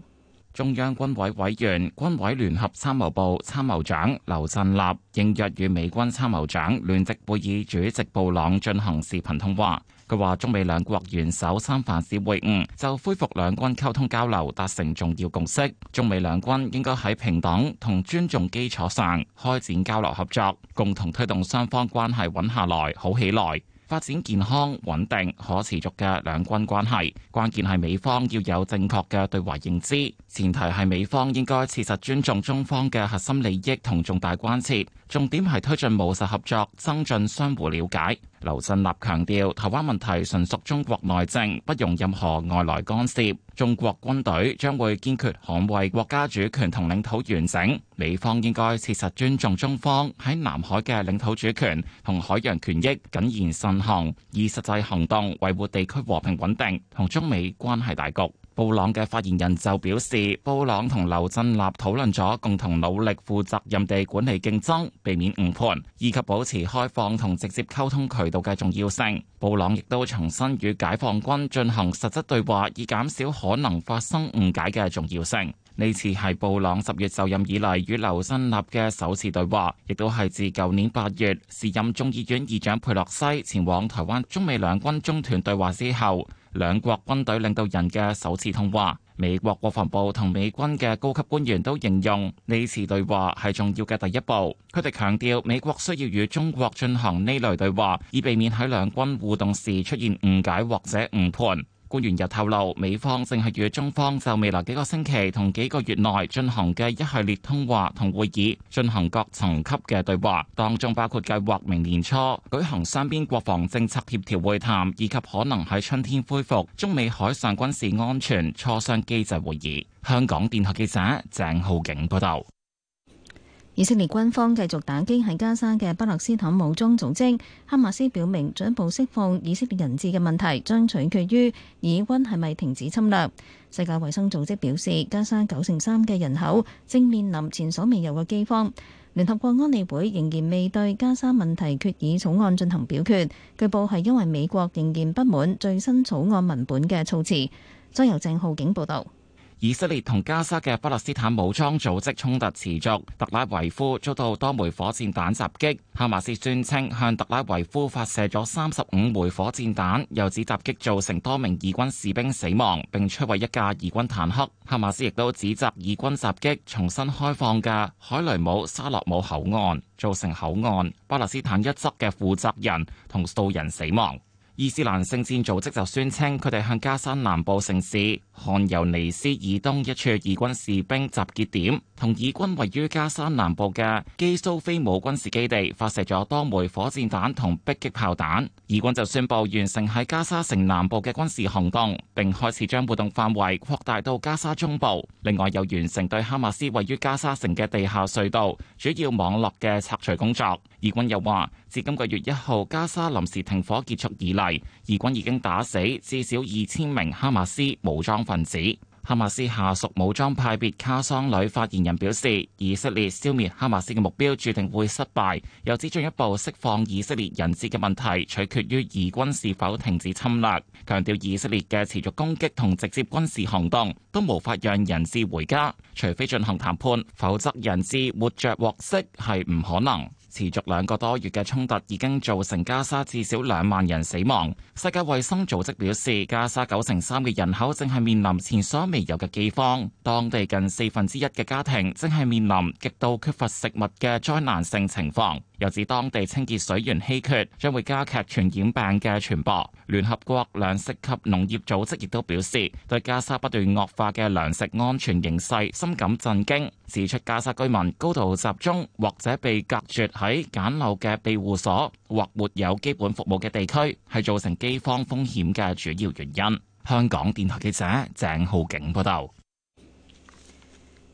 中央軍委委員、軍委聯合參謀部參謀長劉振立應約與美軍參謀長聯席會議主席布朗進行視頻通話。佢話中美兩國元首三藩市會晤就恢復兩軍溝通交流達成重要共識。中美兩軍應該喺平等同尊重基礎上開展交流合作，共同推動雙方關係穩下來、好起來。發展健康、穩定、可持續嘅兩軍關係，關鍵係美方要有正確嘅對華認知，前提係美方應該切實尊重中方嘅核心利益同重大關切，重點係推進務實合作，增進相互了解。劉振立強調，台灣問題純屬中國內政，不容任何外來干涉。中國軍隊將會堅決捍衛國家主權同領土完整。美方應該切實尊重中方喺南海嘅領土主權同海洋權益，謹言慎行，以實際行動維護地區和平穩定同中美關係大局。布朗嘅發言人就表示，布朗同劉振立討論咗共同努力、負責任地管理競爭、避免誤判，以及保持開放同直接溝通渠道嘅重要性。布朗亦都重申與解放軍進行實質對話，以減少可能發生誤解嘅重要性。呢次係布朗十月就任以嚟與劉振立嘅首次對話，亦都係自舊年八月時任眾議院議長佩洛西前往台灣中美兩軍中斷對話之後。兩國軍隊領導人嘅首次通話，美國國防部同美軍嘅高級官員都形容呢次對話係重要嘅第一步。佢哋強調，美國需要與中國進行呢類對話，以避免喺兩軍互動時出現誤解或者誤判。官員又透露，美方正係與中方就未來幾個星期同幾個月內進行嘅一系列通話同會議，進行各層級嘅對話，當中包括計劃明年初舉行雙邊國防政策協調會談，以及可能喺春天恢復中美海上軍事安全磋商機制會議。香港電台記者鄭浩景報道。以色列軍方繼續打擊喺加沙嘅巴勒斯坦武裝組織。哈馬斯表明，進一步釋放以色列人質嘅問題將取決於以軍係咪停止侵略。世界衛生組織表示，加沙九成三嘅人口正面臨前所未有嘅饑荒。聯合國安理會仍然未對加沙問題決議草案進行表決，據報係因為美國仍然不滿最新草案文本嘅措辭。再由鄭浩景報道。以色列同加沙嘅巴勒斯坦武裝組織衝突持續，特拉維夫遭到多枚火箭彈襲擊。哈馬斯宣稱向特拉維夫發射咗三十五枚火箭彈，又指襲擊造成多名義軍士兵死亡，並摧毀一架義軍坦克。哈馬斯亦都指責義軍襲擊重新開放嘅海雷姆沙洛姆口岸，造成口岸巴勒斯坦一側嘅負責人同數人死亡。伊斯蘭聖戰組織就宣稱，佢哋向加沙南部城市汗尤尼斯以東一處以軍士兵集結點，同以軍位於加沙南部嘅基蘇菲姆軍事基地發射咗多枚火箭彈同迫擊炮彈。以軍就宣布完成喺加沙城南部嘅軍事行動，並開始將活動範圍擴大到加沙中部。另外，又完成對哈馬斯位於加沙城嘅地下隧道主要網絡嘅拆除工作。以軍又話，自今個月一號加沙臨時停火結束以嚟，以軍已經打死至少二千名哈馬斯武裝分子。哈馬斯下屬武裝派別卡桑旅發言人表示，以色列消滅哈馬斯嘅目標注定會失敗。又指進一步釋放以色列人質嘅問題，取決於以軍是否停止侵略。強調以色列嘅持續攻擊同直接軍事行動都無法讓人質回家，除非進行談判，否則人質活着獲釋係唔可能。持續兩個多月嘅衝突已經造成加沙至少兩萬人死亡。世界衛生組織表示，加沙九成三嘅人口正係面臨前所未有嘅饑荒，當地近四分之一嘅家庭正係面臨極度缺乏食物嘅災難性情況。又指當地清潔水源稀缺，將會加劇傳染病嘅傳播。聯合國糧食及農業組織亦都表示，對加沙不斷惡化嘅糧食安全形勢深感震驚，指出加沙居民高度集中或者被隔絕喺簡陋嘅庇護所或沒有基本服務嘅地區，係造成饑荒風險嘅主要原因。香港電台記者鄭浩景報道。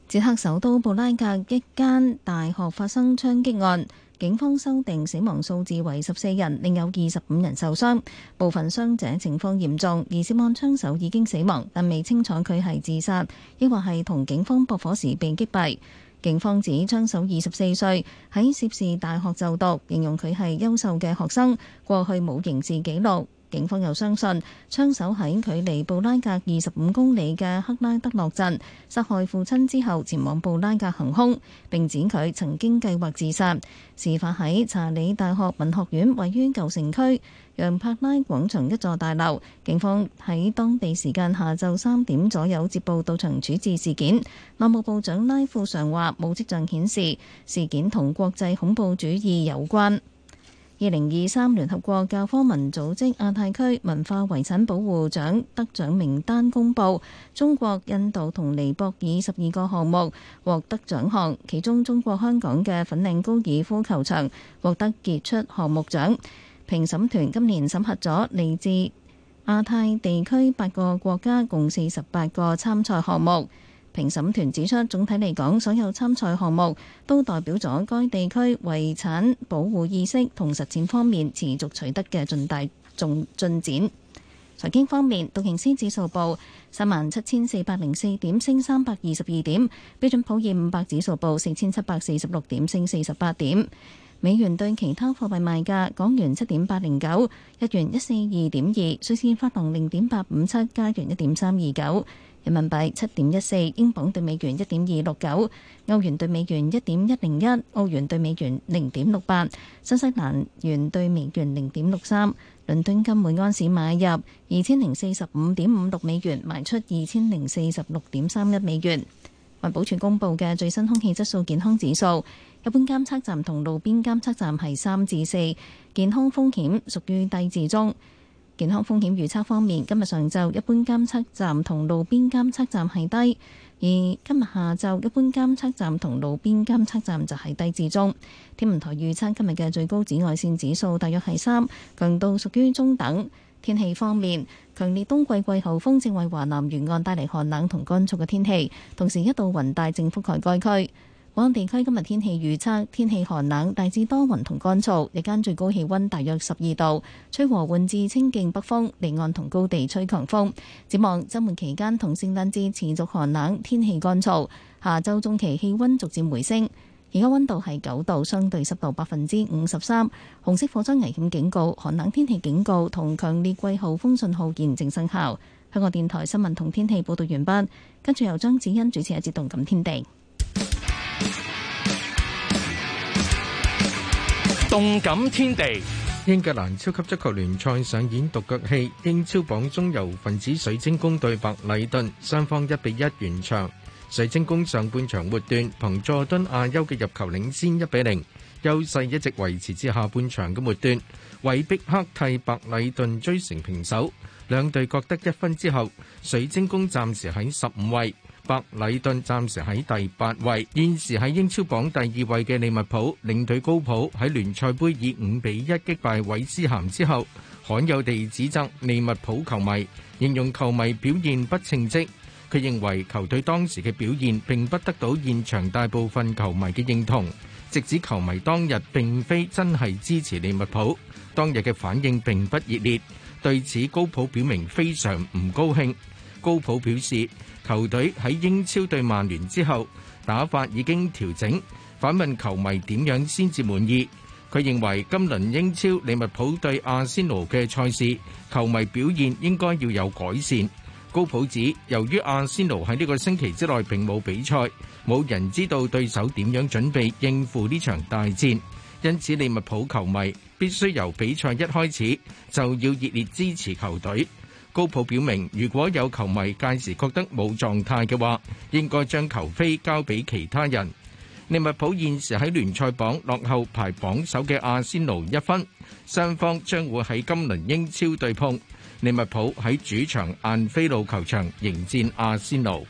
捷克首都布拉格一間大學發生槍擊案。警方修訂死亡數字為十四人，另有二十五人受傷，部分傷者情況嚴重。而涉案槍手已經死亡，但未清楚佢係自殺，抑或係同警方駁火時被擊斃。警方指槍手二十四歲，喺涉事大學就讀，形容佢係優秀嘅學生，過去冇刑事紀錄。警方又相信，槍手喺距離布拉格二十五公里嘅克拉德洛鎮殺害父親之後前往布拉格行凶，並指佢曾經計劃自殺，事發喺查理大學文學院位於舊城區楊柏拉廣場一座大樓，警方喺當地時間下晝三點左右接報到場處置事件。內務部長拉庫尚話冇跡象顯示事件同國際恐怖主義有關。二零二三聯合國教科文組織亞太區文化遺產保護獎得獎名單公布，中國、印度同尼泊爾十二個項目獲得獎項，其中中國香港嘅粉嶺高爾夫球場獲得傑出項目獎。評審團今年審核咗嚟自亞太地區八個國家共四十八個參賽項目。評審團指出，總體嚟講，所有參賽項目都代表咗該地區遺產保護意識同實踐方面持續取得嘅重大進展。財經方面，道瓊斯指數報三萬七千四百零四點，升三百二十二點；標準普爾五百指數報四千七百四十六點，升四十八點。美元對其他貨幣賣價，港元七點八零九，日元一四二點二，瑞士法郎零點八五七，加元一點三二九。人民幣七點一四，英鎊兌美元一點二六九，歐元兌美元一點一零一，澳元兌美元零點六八，新西蘭元兌美元零點六三。倫敦金每安士買入二千零四十五點五六美元，賣出二千零四十六點三一美元。環保署公布嘅最新空氣質素健康指數，一般監測站同路邊監測站係三至四，健康風險屬於低至中。健康風險預測方面，今日上晝一般監測站同路邊監測站係低，而今日下晝一般監測站同路邊監測站就係低至中。天文台預測今日嘅最高紫外線指數大約係三，強度屬於中等。天氣方面，強烈冬季季候風正為華南沿岸帶嚟寒冷同乾燥嘅天氣，同時一度雲帶正覆蓋該區。本港地區今日天氣預測，天氣寒冷，大致多雲同乾燥，日間最高氣溫大約十二度，吹和緩至清勁北風，離岸同高地吹強風，展望周末期間同聖誕節持續寒冷，天氣乾燥，下周中期氣溫逐漸回升。而家溫度係九度，相對濕度百分之五十三。紅色火災危險警告、寒冷天氣警告同強烈季候風信號現正生效。香港電台新聞同天氣報道完畢，跟住由張子欣主持一節動感天地。動感天地，英格蘭超級足球聯賽上演獨腳戲，英超榜中游分子水晶宮對白禮頓，雙方一比一完場。水晶宮上半場末段，憑佐敦阿優嘅入球領先一比零，優勢一直維持至下半場嘅末段。韋碧克替白禮頓追成平手，兩隊各得一分之後，水晶宮暫時喺十五位。白禮頓暫時喺第八位，現時喺英超榜第二位嘅利物浦，領隊高普喺聯賽杯以五比一擊敗韋斯咸之後，罕有地指責利物浦球迷，形容球迷表現不稱職。佢認為球隊當時嘅表現，並不得到現場大部分球迷嘅認同，直指球迷當日並非真係支持利物浦，當日嘅反應並不熱烈。對此，高普表明非常唔高興。高普表示，球隊喺英超對曼聯之後，打法已經調整，反問球迷點樣先至滿意。佢認為，今輪英超利物浦對阿仙奴嘅賽事，球迷表現應該要有改善。高普指，由於阿仙奴喺呢個星期之內並冇比賽，冇人知道對手點樣準備應付呢場大戰，因此利物浦球迷必須由比賽一開始就要熱烈支持球隊。高普表明，如果有球迷屆時覺得冇狀態嘅話，應該將球飛交俾其他人。利物浦現時喺聯賽榜落後排榜首嘅阿仙奴一分，雙方將會喺今輪英超對碰。利物浦喺主場晏菲路球場迎戰阿仙奴。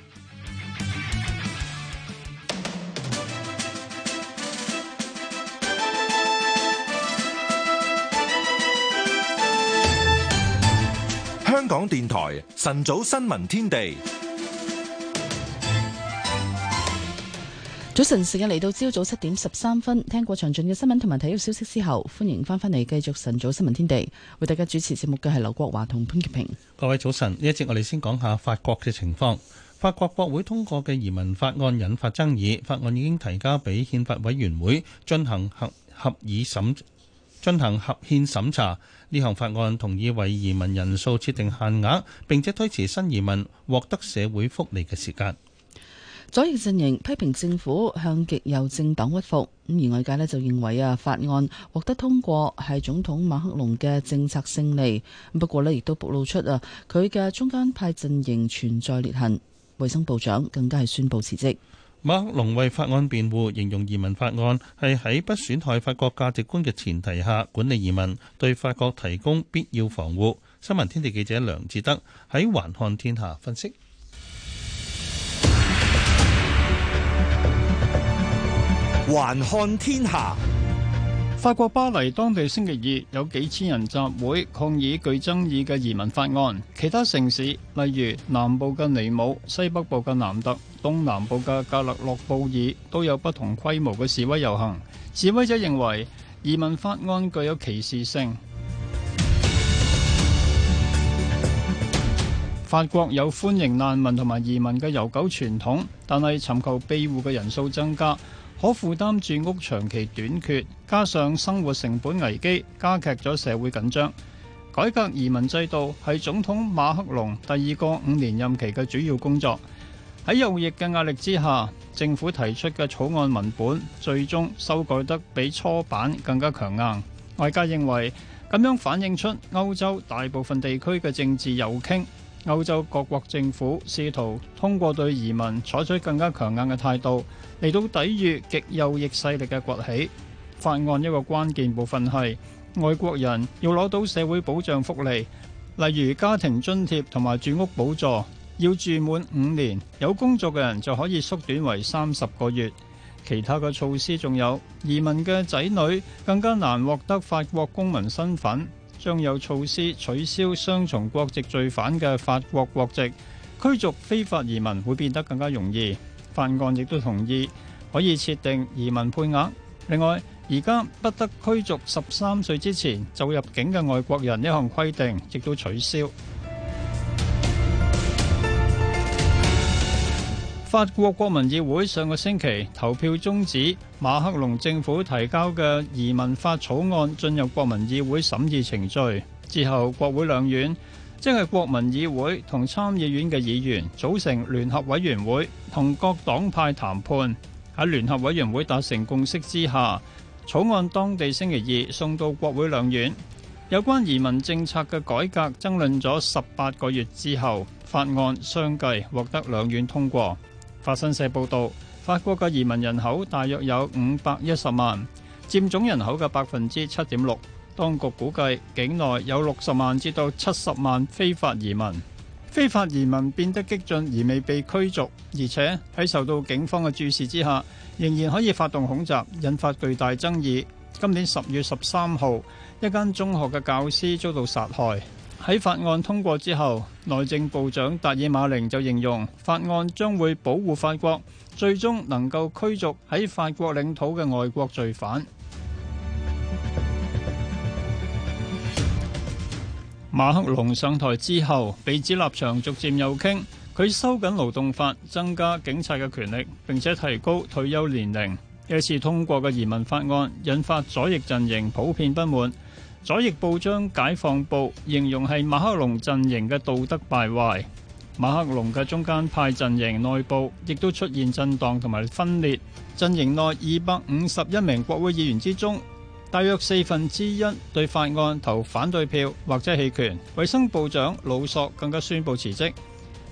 電台晨早新聞天地，早晨時間嚟到朝早七點十三分，聽過詳盡嘅新聞同埋體育消息之後，歡迎翻翻嚟繼續晨早新聞天地，為大家主持節目嘅係劉國華同潘潔平。各位早晨，呢一節我哋先講下法國嘅情況。法國國會通過嘅移民法案引發爭議，法案已經提交俾憲法委員會進行合合議審，進行合憲審查。呢項法案同意為移民人數設定限額，並且推遲新移民獲得社會福利嘅時間。左翼陣營批評政府向極右政黨屈服，咁而外界呢就認為啊，法案獲得通過係總統馬克龍嘅政策勝利。不過呢，亦都暴露出啊，佢嘅中間派陣營存在裂痕。衛生部長更加係宣布辭職。馬克龍為法案辯護，形容移民法案係喺不損害法國價值觀嘅前提下管理移民，對法國提供必要防護。新聞天地記者梁志德喺《環看天下》分析。環看天下。法國巴黎當地星期二有幾千人集會抗議具爭議嘅移民法案，其他城市例如南部嘅尼姆、西北部嘅南特、東南部嘅格勒諾布爾都有不同規模嘅示威遊行。示威者認為移民法案具有歧視性。法國有歡迎難民同埋移民嘅悠久傳統，但係尋求庇護嘅人數增加。可負擔住屋長期短缺，加上生活成本危機，加劇咗社會緊張。改革移民制度係總統馬克龍第二個五年任期嘅主要工作。喺右翼嘅壓力之下，政府提出嘅草案文本最終修改得比初版更加強硬。外界認為咁樣反映出歐洲大部分地區嘅政治右傾。歐洲各國政府試圖通過對移民採取更加強硬嘅態度，嚟到抵禦極右翼勢力嘅崛起。法案一個關鍵部分係外國人要攞到社會保障福利，例如家庭津貼同埋住屋補助，要住滿五年，有工作嘅人就可以縮短為三十個月。其他嘅措施仲有，移民嘅仔女更加難獲得法國公民身份。將有措施取消雙重國籍罪犯嘅法國國籍，驅逐非法移民會變得更加容易。法案亦都同意可以設定移民配額。另外，而家不得驅逐十三歲之前就入境嘅外國人，一項規定亦都取消。法國國民議會上個星期投票終止馬克龍政府提交嘅移民法草案進入國民議會審議程序。之後國會兩院即係國民議會同參議院嘅議員組成聯合委員會同各黨派談判，喺聯合委員會達成共識之下，草案當地星期二送到國會兩院。有關移民政策嘅改革爭論咗十八個月之後，法案相繼獲得兩院通過。法新社報導，法國嘅移民人口大約有五百一十萬，佔總人口嘅百分之七點六。當局估計，境內有六十萬至到七十萬非法移民。非法移民變得激進而未被驅逐，而且喺受到警方嘅注視之下，仍然可以發動恐襲，引發巨大爭議。今年十月十三號，一間中學嘅教師遭到殺害。喺法案通過之後，內政部長達爾馬寧就形容法案將會保護法國，最終能夠驅逐喺法國領土嘅外國罪犯。馬克龍上台之後，被指立場逐漸右傾。佢收緊勞動法，增加警察嘅權力，並且提高退休年齡。一次通過嘅移民法案，引發左翼陣營普遍不滿。左翼報將解放報形容係馬克龍陣營嘅道德敗壞，馬克龍嘅中間派陣營內部亦都出現震盪同埋分裂，陣營內二百五十一名國會議員之中，大約四分之一對法案投反對票或者棄權，衞生部長魯索更加宣布辭職。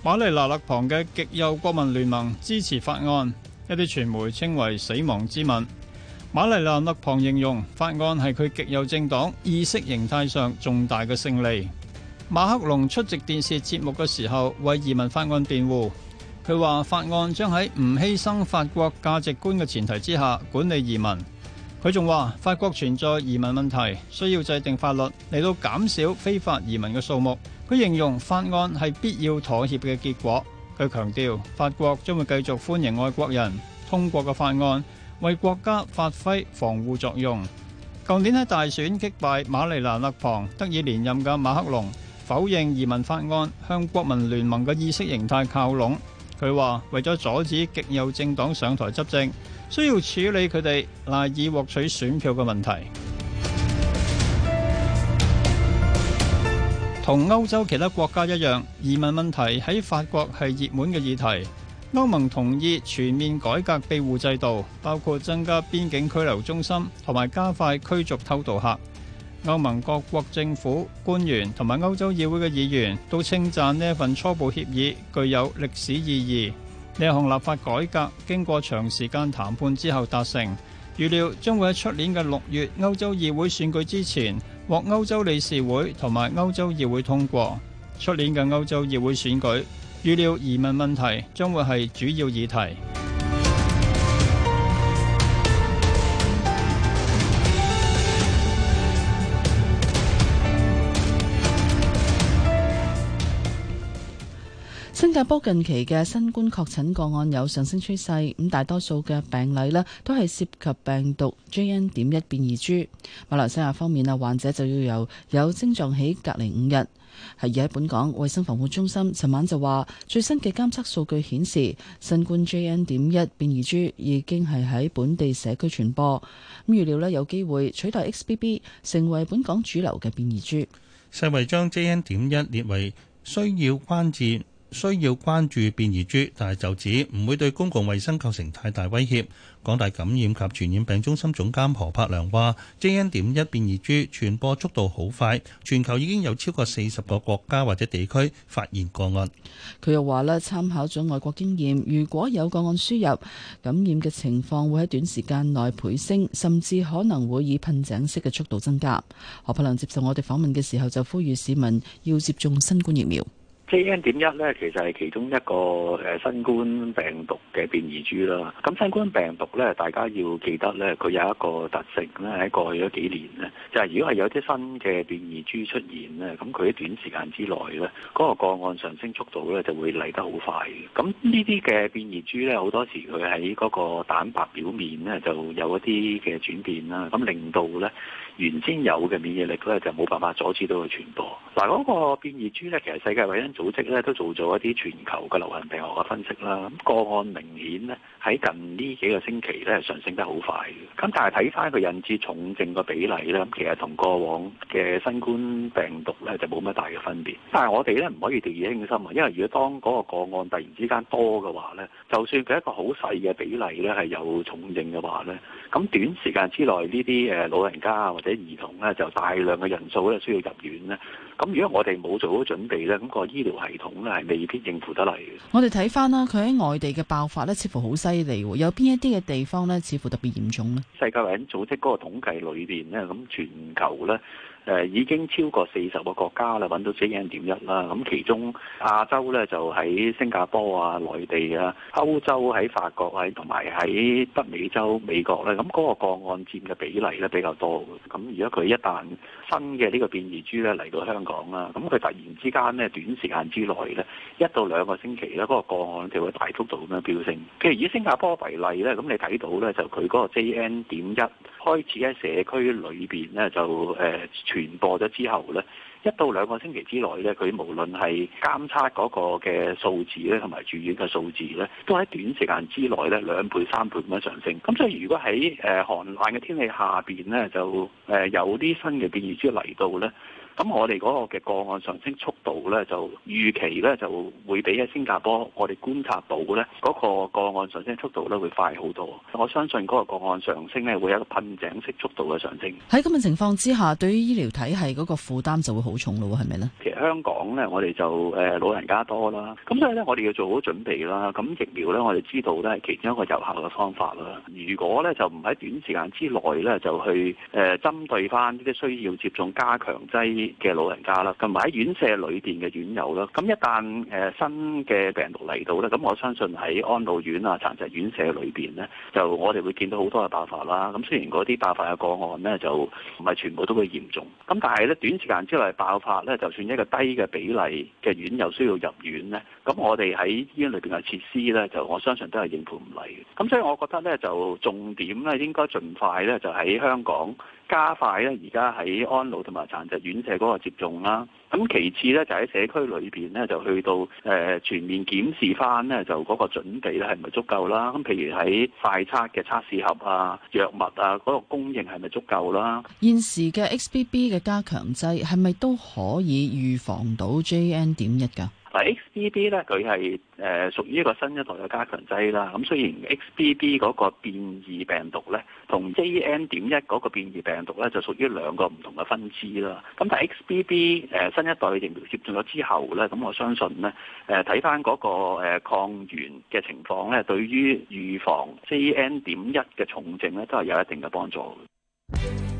瑪麗娜勒旁嘅極右國民聯盟支持法案，一啲傳媒稱為死亡之吻。馬麗娜·勒龐形容法案係佢極右政黨意識形態上重大嘅勝利。馬克龍出席電視節目嘅時候，為移民法案辯護，佢話法案將喺唔犧牲法國價值觀嘅前提之下管理移民。佢仲話法國存在移民問題，需要制定法律嚟到減少非法移民嘅數目。佢形容法案係必要妥協嘅結果。佢強調法國將會繼續歡迎外國人，通過嘅法案，為國家發揮防護作用。舊年喺大選擊敗馬里蘭勒龐，得以連任嘅馬克龍否認移民法案，向國民聯盟嘅意識形態靠攏。佢話為咗阻止極右政黨上台執政，需要處理佢哋賴以獲取選票嘅問題。同歐洲其他國家一樣，移民問題喺法國係熱門嘅議題。歐盟同意全面改革庇護制度，包括增加邊境拘留中心同埋加快驅逐偷渡客。歐盟各國政府官員同埋歐洲議會嘅議員都稱讚呢一份初步協議具有歷史意義。呢項立法改革經過長時間談判之後達成，預料將會喺出年嘅六月歐洲議會選舉之前獲歐洲理事會同埋歐洲議會通過。出年嘅歐洲議會選舉。預料移民問題將會係主要議題。新加坡近期嘅新冠確診個案有上升趨勢，咁大多數嘅病例咧都係涉及病毒 JN. 點一變異株。馬來西亞方面啊，患者就要由有，有症狀起隔離五日。係而喺本港，衞生防護中心尋晚就話，最新嘅監測數據顯示，新冠 JN 點一變異株已經係喺本地社區傳播，咁預料呢有機會取代 XBB 成為本港主流嘅變異株。世衞將 JN 點一列為需要關注需要關注變異株，但係就指唔會對公共衛生構成太大威脅。港大感染及傳染病中心總監何柏良話，JN 點一變異株傳播速度好快，全球已經有超過四十個國家或者地區發現個案。佢又話啦，參考咗外國經驗，如果有個案輸入感染嘅情況會喺短時間內倍升，甚至可能會以噴井式嘅速度增加。何柏良接受我哋訪問嘅時候就呼籲市民要接種新冠疫苗。KN 點一咧，其實係其中一個誒新冠病毒嘅變異株啦。咁新冠病毒咧，大家要記得咧，佢有一個特性咧，喺過去咗幾年咧，就係、是、如果係有啲新嘅變異株出現咧，咁佢喺短時間之內咧，嗰、那個個案上升速度咧就會嚟得好快嘅。咁呢啲嘅變異株咧，好多時佢喺嗰個蛋白表面咧，就有一啲嘅轉變啦，咁令到咧。原先有嘅免疫力咧，就冇辦法阻止到佢傳播。嗱、啊，嗰、那個變異株咧，其實世界衞生組織咧都做咗一啲全球嘅流行病學嘅分析啦。咁、嗯、個案明顯咧，喺近呢幾個星期咧係上升得好快嘅。咁但係睇返佢引致重症嘅比例咧，咁其實同過往嘅新冠病毒咧就冇乜大嘅分別。但係我哋咧唔可以掉以輕心啊，因為如果當嗰個個案突然之間多嘅話咧，就算佢一個好細嘅比例咧係有重症嘅話咧。咁短時間之內呢啲誒老人家或者兒童咧，就大量嘅人數咧需要入院咧。咁如果我哋冇做好準備咧，咁個醫療系統咧係未必應付得嚟嘅。我哋睇翻啦，佢喺外地嘅爆發咧，似乎好犀利喎。有邊一啲嘅地方咧，似乎特別嚴重咧？世界衛生組織嗰個統計裏邊咧，咁全球咧。誒已經超過四十個國家啦，揾到 JN. 點一啦。咁其中亞洲咧就喺新加坡啊、內地啊，歐洲喺法國、啊、喺同埋喺北美洲美國咧。咁、那、嗰、個、個個案佔嘅比例咧比較多嘅。咁如果佢一旦新嘅呢個變異株咧嚟到香港啦，咁佢突然之間咧短時間之內咧一到兩個星期咧嗰、那個、個個案就會大幅度咁樣飆升。譬如以新加坡為例咧，咁你睇到咧就佢嗰個 JN. 點一開始喺社區裏邊咧就誒。呃傳播咗之後咧，一到兩個星期之內咧，佢無論係監測嗰個嘅數字咧，同埋住院嘅數字咧，都喺短時間之內咧兩倍三倍咁樣上升。咁所以如果喺誒寒冷嘅天氣下邊咧，就誒有啲新嘅變異株嚟到咧。咁我哋嗰個嘅個案上升速度咧，就預期咧就會比喺新加坡我哋觀察到咧嗰個個案上升速度咧會，那個、會快好多。我相信嗰個，個個案上升咧會有一個噴井式速度嘅上升。喺咁嘅情況之下，對於醫療體系嗰個負擔就會好重咯，係咪咧？其實香港咧，我哋就誒老人家多啦，咁所以咧我哋要做好準備啦。咁疫苗咧，我哋知道咧係其中一個有效嘅方法啦。如果咧就唔喺短時間之內咧就去誒、呃、針對翻呢啲需要接種加強劑嘅老人家啦，同埋喺院舍裏邊嘅院友啦，咁一旦誒新嘅病毒嚟到咧，咁我相信喺安老院啊、殘疾院舍裏邊咧，就我哋會見到好多嘅爆發啦。咁雖然嗰啲爆發嘅個案咧，就唔係全部都會嚴重，咁但係咧短時間之內爆發咧，就算一個低嘅比例嘅院友需要入院咧，咁我哋喺醫院裏邊嘅設施咧，就我相信都係應付唔嚟嘅。咁所以我覺得咧，就重點咧，應該盡快咧，就喺香港。加快咧，而家喺安老同埋殘疾院舍嗰個接種啦。咁其次咧，就喺社區裏邊咧，就去到誒全面檢視翻咧，就嗰個準備，咧係咪足夠啦？咁譬如喺快測嘅測試盒啊、藥物啊嗰個供應，係咪足夠啦？現時嘅 XBB 嘅加強劑，係咪都可以預防到 JN 點一噶？嗱 XBB 咧，佢係誒屬於一個新一代嘅加強劑啦。咁、啊、雖然 XBB 嗰個變異病毒咧，同 JN. 點一嗰個變異病毒咧，就屬於兩個唔同嘅分支啦。咁、啊、但係 XBB 誒、呃、新一代嘅疫苗接種咗之後咧，咁、啊、我相信咧，誒睇翻嗰個、呃、抗原嘅情況咧，對於預防 JN. 點一嘅重症咧，都係有一定嘅幫助嘅。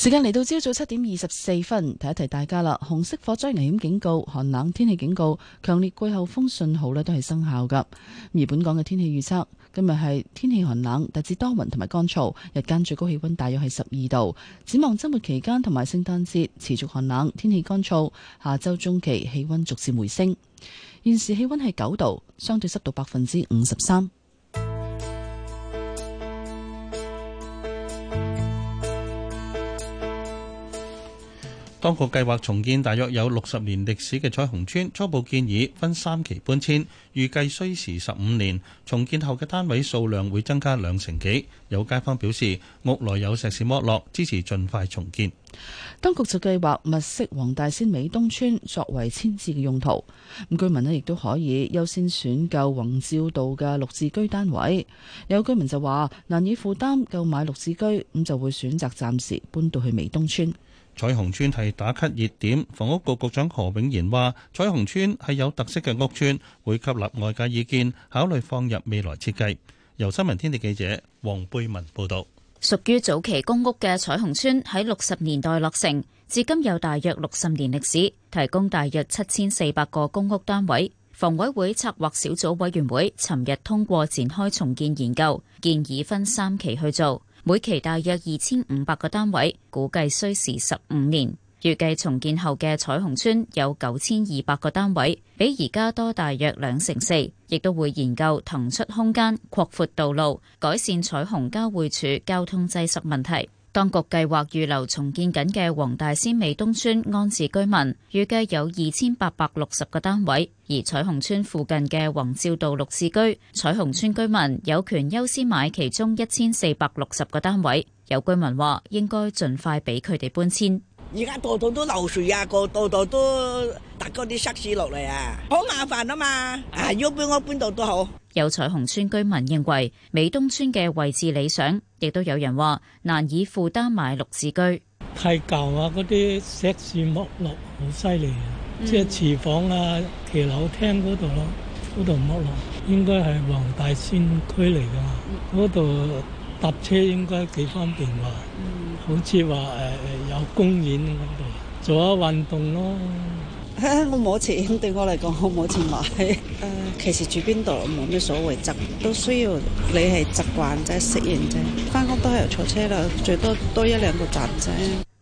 時間嚟到朝早七點二十四分，提一提大家啦。紅色火災危險警告、寒冷天氣警告、強烈季候風信號咧都係生效噶。而本港嘅天氣預測，今日係天氣寒冷，大致多雲同埋乾燥，日間最高氣溫大約係十二度。展望周末期間同埋聖誕節，持續寒冷，天氣乾燥。下周中期氣溫逐漸回升。現時氣溫係九度，相對濕度百分之五十三。當局計劃重建大約有六十年歷史嘅彩虹村，初步建議分三期搬遷，預計需時十五年。重建後嘅單位數量會增加兩成幾。有街坊表示屋內有石屎剝落，支持盡快重建。當局就計劃物色黃大仙美東村作為遷置嘅用途，咁居民呢亦都可以優先選購宏照道嘅綠置居單位。有居民就話難以負擔購買綠置居，咁就會選擇暫時搬到去美東村。彩虹村係打卡熱點，房屋局局長何永賢話：彩虹村係有特色嘅屋邨，會吸納外界意見，考慮放入未來設計。由新聞天地記者黃貝文報道。屬於早期公屋嘅彩虹村喺六十年代落成，至今有大約六十年歷史，提供大約七千四百個公屋單位。房委會策劃小組委員會尋日通過展開重建研究，建議分三期去做。每期大約二千五百個單位，估計需時十五年。預計重建後嘅彩虹村有九千二百個單位，比而家多大約兩成四，亦都會研究騰出空間、擴闊道路、改善彩虹交匯處交通擠塞問題。當局計劃預留重建緊嘅黃大仙美東村安置居民，預計有二千八百六十個單位，而彩虹村附近嘅宏照道綠置居，彩虹村居民有權優先買其中一千四百六十個單位。有居民話，應該盡快俾佢哋搬遷。而家度度都漏水啊，個度度都搭嗰啲石屎落嚟啊，好麻煩啊嘛！啊，要搬我搬度都好。有彩虹村居民認為美東村嘅位置理想，亦都有人話難以負擔買綠置居。太舊啊，嗰啲石屎剝落好犀利，啊、嗯。即係廚房啊、騎樓廳嗰度咯，嗰度剝落，應該係黃大仙區嚟噶嘛，嗰度搭車應該幾方便嘛。好似話，誒，有公園咁做下運動咯。我冇錢，對我嚟講我冇錢買。誒，其實住邊度冇咩所謂，習都需要你係習慣即係適應啫。翻屋都係坐車啦，最多多一兩個站啫。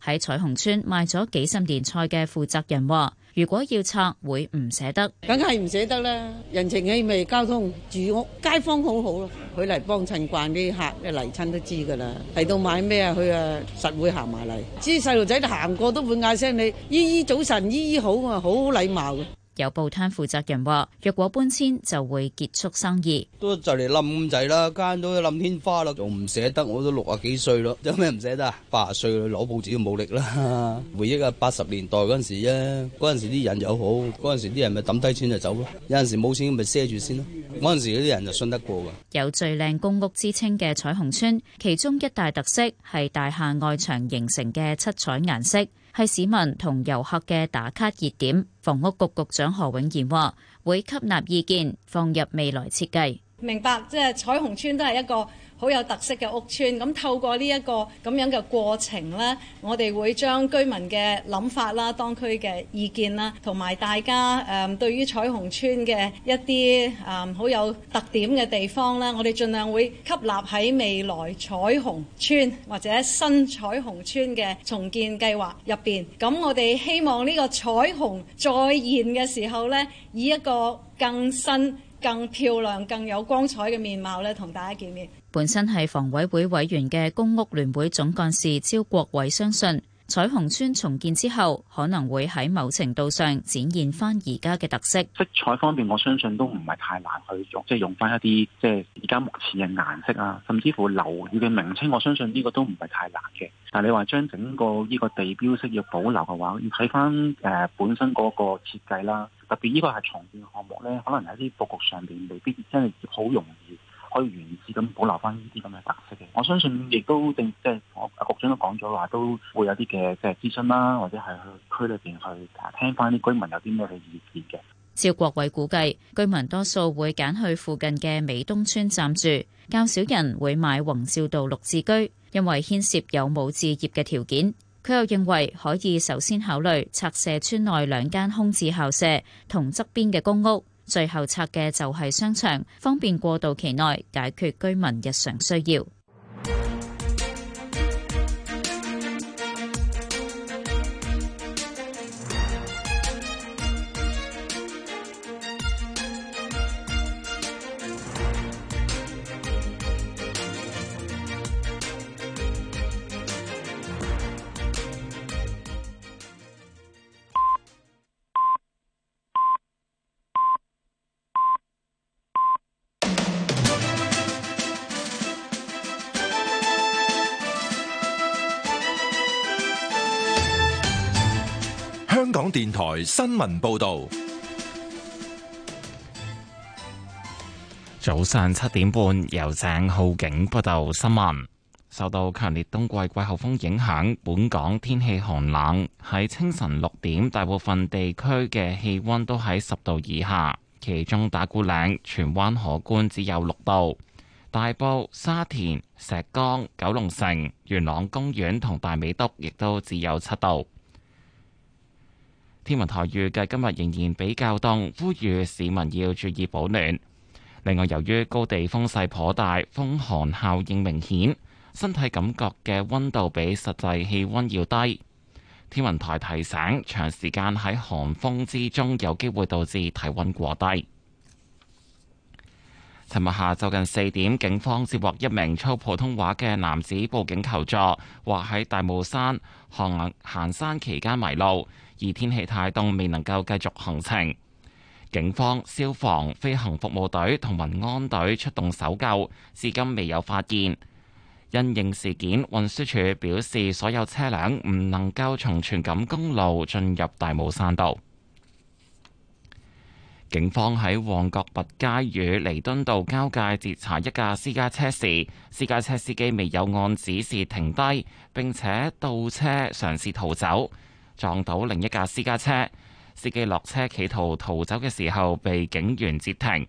喺彩虹村賣咗幾十年菜嘅負責人話。如果要拆，會唔捨得？梗係唔捨得啦！人情氣味、交通、住屋、街坊好好咯。佢嚟幫襯慣啲客，嚟親都知㗎啦。嚟到買咩啊？佢啊實會行埋嚟。知細路仔行過，都會嗌聲你姨姨早晨，姨姨好啊，好禮貌嘅。有報攤負責人話，若果搬遷就會結束生意，都就嚟冧咁滯啦，間都冧天花啦，仲唔捨得？我都六啊幾歲咯，有咩唔捨得啊？八啊歲攞報紙都冇力啦，回憶啊，八十年代嗰陣時啫，嗰陣時啲人又好，嗰陣時啲人咪抌低錢就走咯，有陣時冇錢咪賒住先咯，嗰陣時嗰啲人就信得過㗎。有最靚公屋之稱嘅彩虹村，其中一大特色係大廈外牆形成嘅七彩顏色。係市民同遊客嘅打卡熱點，房屋局局長何永賢話：會吸納意見，放入未來設計。明白，即係彩虹村都係一個。好有特色嘅屋邨，咁透過呢一個咁樣嘅過程咧，我哋會將居民嘅諗法啦、當區嘅意見啦，同埋大家誒、嗯、對於彩虹村嘅一啲誒好有特點嘅地方啦，我哋盡量會吸納喺未來彩虹村或者新彩虹村嘅重建計劃入邊。咁我哋希望呢個彩虹再現嘅時候呢，以一個更新，更漂亮、更有光彩嘅面貌咧，同大家見面。本身係房委會委員嘅公屋聯會總幹事招國偉相信。彩虹村重建之後，可能會喺某程度上展現翻而家嘅特色。色彩方面，我相信都唔係太難去用，即係用翻一啲即係而家目前嘅顏色啊，甚至乎樓宇嘅名稱，我相信呢個都唔係太難嘅。但係你話將整個呢個地標式要保留嘅話，要睇翻誒本身嗰個設計啦，特別呢個係重建項目咧，可能喺啲佈局上邊未必真係好容易可以原址咁保留翻呢啲咁嘅特色嘅。我相信亦都定即係我。將都講咗話，都會有啲嘅即係諮詢啦，或者係去區裏邊去聽翻啲居民有啲咩嘅意見嘅。趙國偉估計，居民多數會揀去附近嘅美東村暫住，較少人會買宏照道綠置居，因為牽涉有冇置業嘅條件。佢又認為可以首先考慮拆卸村內兩間空置校舍同側邊嘅公屋，最後拆嘅就係商場，方便過渡期內解決居民日常需要。電台新聞報道：早上七點半，由鄭浩景報道新聞。受到強烈冬季季候風影響，本港天氣寒冷。喺清晨六點，大部分地區嘅氣温都喺十度以下，其中打鼓嶺、荃灣可觀只有六度，大埔、沙田、石崗、九龍城、元朗公園同大美督亦都只有七度。天文台預計今日仍然比較凍，呼籲市民要注意保暖。另外，由於高地風勢頗大，風寒效應明顯，身體感覺嘅溫度比實際氣温要低。天文台提醒，長時間喺寒風之中，有機會導致體温過低。尋日下晝近四點，警方接獲一名操普通話嘅男子報警求助，話喺大帽山行行山期間迷路。而天氣太凍，未能夠繼續行程。警方、消防、飛行服務隊同民安隊出動搜救，至今未有發現。因應事件，運輸署表示，所有車輛唔能夠從荃錦公路進入大帽山道。警方喺旺角弼街與彌敦道交界截查一架私家車時，私家車司機未有按指示停低，並且倒車嘗試逃走。撞到另一架私家車，司機落車企圖逃走嘅時候，被警員截停。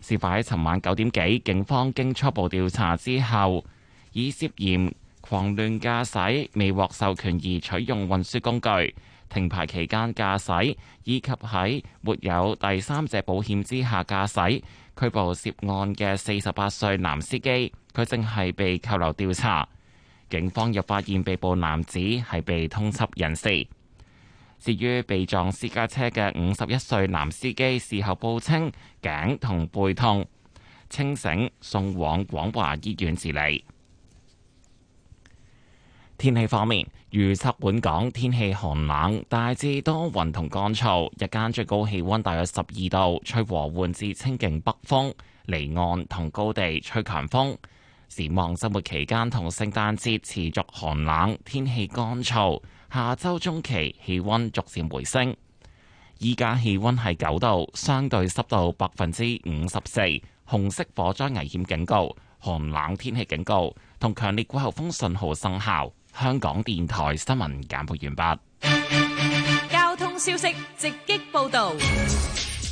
事發喺尋晚九點幾，警方經初步調查之後，以涉嫌狂亂駕駛、未獲授權而取用運輸工具、停牌期間駕駛以及喺沒有第三者保險之下駕駛，拘捕涉案嘅四十八歲男司機。佢正係被扣留調查。警方又發現被捕男子係被通緝人士。至於被撞私家車嘅五十一歲男司機，事後報稱頸同背痛，清醒送往廣華醫院治理。天氣方面，預測本港天氣寒冷，大致多雲同乾燥，日間最高氣溫大約十二度，吹和緩至清勁北風，離岸同高地吹強風。展望周末期間同聖誕節持續寒冷天氣乾燥，下周中期氣溫逐漸回升。依家氣溫係九度，相對濕度百分之五十四，紅色火災危險警告、寒冷天氣警告同強烈季候風信號生效。香港電台新聞簡報完畢。交通消息直擊報道。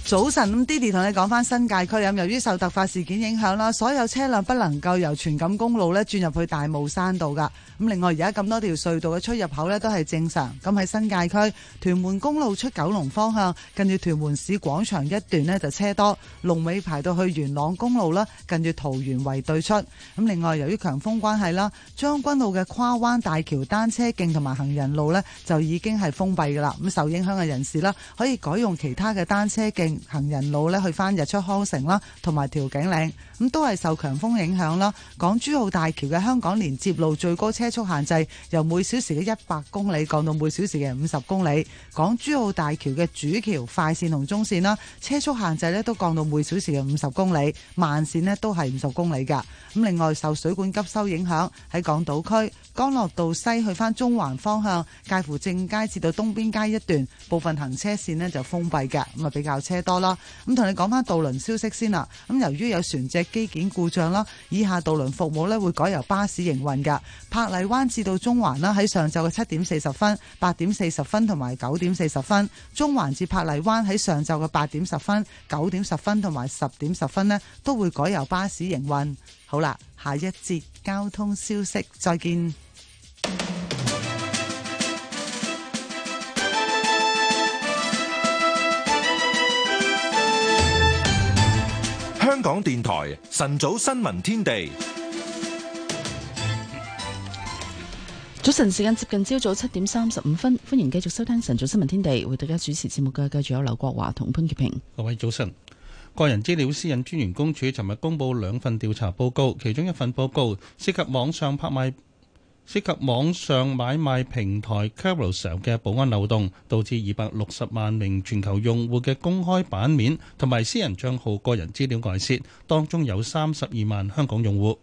早晨，咁 Didi 同你講翻新界區，咁由於受突發事件影響啦，所有車輛不能夠由荃錦公路咧轉入去大帽山道噶。咁另外，而家咁多條隧道嘅出入口咧都係正常。咁喺新界區，屯門公路出九龍方向，近住屯門市廣場一段咧就車多，龍尾排到去元朗公路啦，近住桃園圍對出。咁另外，由於強風關係啦，將軍澳嘅跨灣大橋單車徑同埋行人路咧就已經係封閉噶啦。咁受影響嘅人士啦，可以改用其他嘅單車徑。行人路咧，去翻日出康城啦，同埋調景嶺咁都係受強風影響啦。港珠澳大橋嘅香港連接路最高車速限制由每小時嘅一百公里降到每小時嘅五十公里。港珠澳大橋嘅主橋快線同中線啦，車速限制咧都降到每小時嘅五十公里，慢線咧都係五十公里噶。咁另外，受水管急修影響，喺港島區干諾道西去翻中環方向，介乎正街至到東邊街一段部分行車線咧就封閉噶，咁啊，比較車多啦，咁同你講翻渡輪消息先啦。咁由於有船隻機件故障啦，以下渡輪服務咧會改由巴士營運噶。柏麗灣至到中環啦，喺上晝嘅七點四十分、八點四十分同埋九點四十分；中環至柏麗灣喺上晝嘅八點十分、九點十分同埋十點十分呢，都會改由巴士營運。好啦，下一節交通消息，再見。香港電台晨早新聞天地，早晨時間接近朝早七點三十五分，歡迎繼續收聽晨早新聞天地，為大家主持節目嘅繼續有劉國華同潘潔平。各位早晨。個人資料私隱專員公署尋日公布兩份調查報告，其中一份報告涉及網上拍賣。涉及網上買賣平台 Carousell 嘅保安漏洞，導致二百六十萬名全球用戶嘅公開版面同埋私人帳號個人資料外泄，當中有三十二萬香港用戶。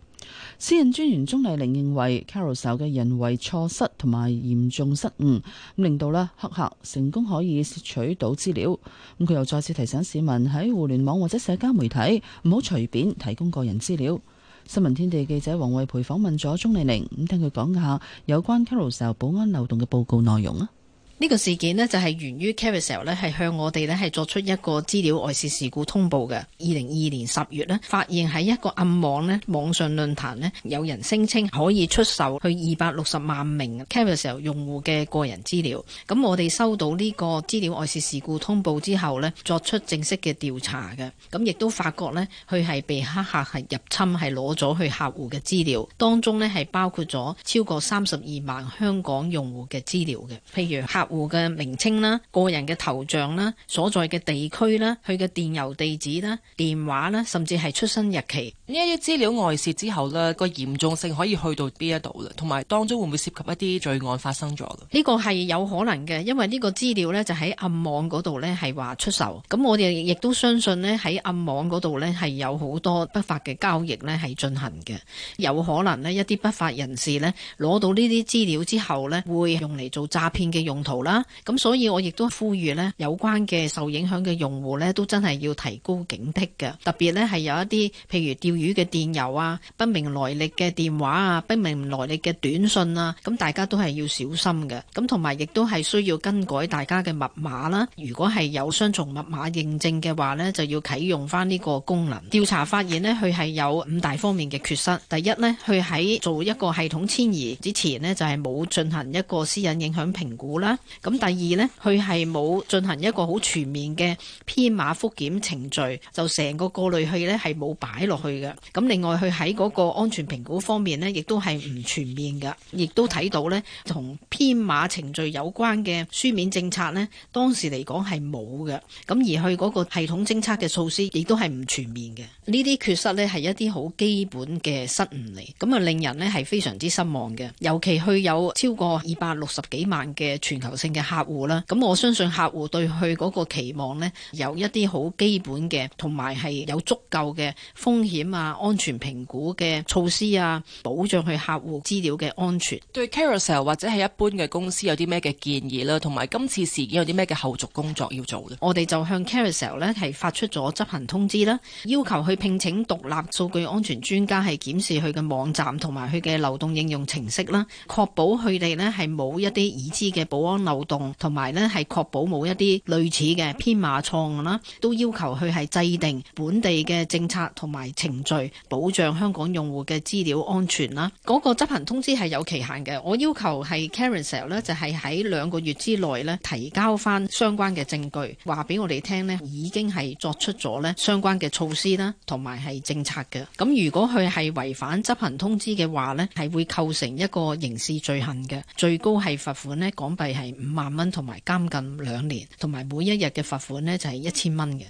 私人專員鍾麗玲認為 Carousell 嘅人為錯失同埋嚴重失誤，令到黑客成功可以竊取到資料。佢又再次提醒市民喺互聯網或者社交媒體唔好隨便提供個人資料。新聞天地記者王慧培訪問咗鍾麗玲，咁聽佢講下有關卡路士保安漏洞嘅報告內容啊。呢個事件呢，就係源於 Carousel 咧係向我哋呢，係作出一個資料外泄事故通報嘅。二零二二年十月呢，發現喺一個暗網呢，網上論壇呢，有人聲稱可以出售去二百六十萬名 Carousel 用戶嘅個人資料。咁我哋收到呢個資料外泄事故通報之後呢，作出正式嘅調查嘅。咁亦都發覺呢，佢係被黑客係入侵係攞咗去客戶嘅資料，當中呢，係包括咗超過三十二萬香港用戶嘅資料嘅，譬如客戶嘅名稱啦、個人嘅頭像啦、所在嘅地區啦、佢嘅電郵地址啦、電話啦，甚至係出生日期。呢一啲資料外泄之後呢，呢個嚴重性可以去到邊一度咧？同埋當中會唔會涉及一啲罪案發生咗？呢個係有可能嘅，因為呢個資料呢就喺暗網嗰度呢係話出售。咁我哋亦都相信呢喺暗網嗰度呢係有好多不法嘅交易呢係進行嘅。有可能呢一啲不法人士呢攞到呢啲資料之後呢，會用嚟做詐騙嘅用途啦。咁所以我亦都呼籲呢有關嘅受影響嘅用戶呢，都真係要提高警惕嘅。特別呢係有一啲譬如釣魚嘅電郵啊，不明來歷嘅電話啊，不明來歷嘅短信啊，咁大家都係要小心嘅。咁同埋亦都係需要更改大家嘅密碼啦。如果係有雙重密碼認證嘅話咧，就要啟用翻呢個功能。調查發現咧，佢係有五大方面嘅缺失。第一咧，佢喺做一個系統遷移之前咧，就係冇進行一個私隱影響評估啦。咁第二咧，佢係冇進行一個好全面嘅編碼複檢程序，就成個過濾器咧係冇擺落去。咁另外，佢喺嗰個安全評估方面咧，亦都係唔全面嘅，亦都睇到咧，同編碼程序有關嘅書面政策咧，當時嚟講係冇嘅。咁而佢嗰個系統偵測嘅措施，亦都係唔全面嘅。呢啲缺失咧，係一啲好基本嘅失誤嚟。咁啊，令人咧係非常之失望嘅。尤其去有超過二百六十幾萬嘅全球性嘅客戶啦。咁我相信客戶對佢嗰個期望咧，有一啲好基本嘅，同埋係有足夠嘅風險。啊！安全評估嘅措施啊，保障佢客戶資料嘅安全。對 Carousel 或者係一般嘅公司有啲咩嘅建議啦，同埋今次事件有啲咩嘅後續工作要做咧？我哋就向 Carousel 咧係發出咗執行通知啦，要求佢聘請獨立數據安全專家係檢視佢嘅網站同埋佢嘅流動應用程式啦，確保佢哋咧係冇一啲已知嘅保安漏洞，同埋咧係確保冇一啲類似嘅編碼錯誤啦。都要求佢係制定本地嘅政策同埋情。罪保障香港用戶嘅資料安全啦，嗰個執行通知係有期限嘅。我要求係 Carousell 咧，就係喺兩個月之內咧提交翻相關嘅證據，話俾我哋聽呢，已經係作出咗呢相關嘅措施啦，同埋係政策嘅。咁如果佢係違反執行通知嘅話呢係會構成一個刑事罪行嘅，最高係罰款呢港幣係五萬蚊，同埋監禁兩年，同埋每一日嘅罰款呢就係一千蚊嘅。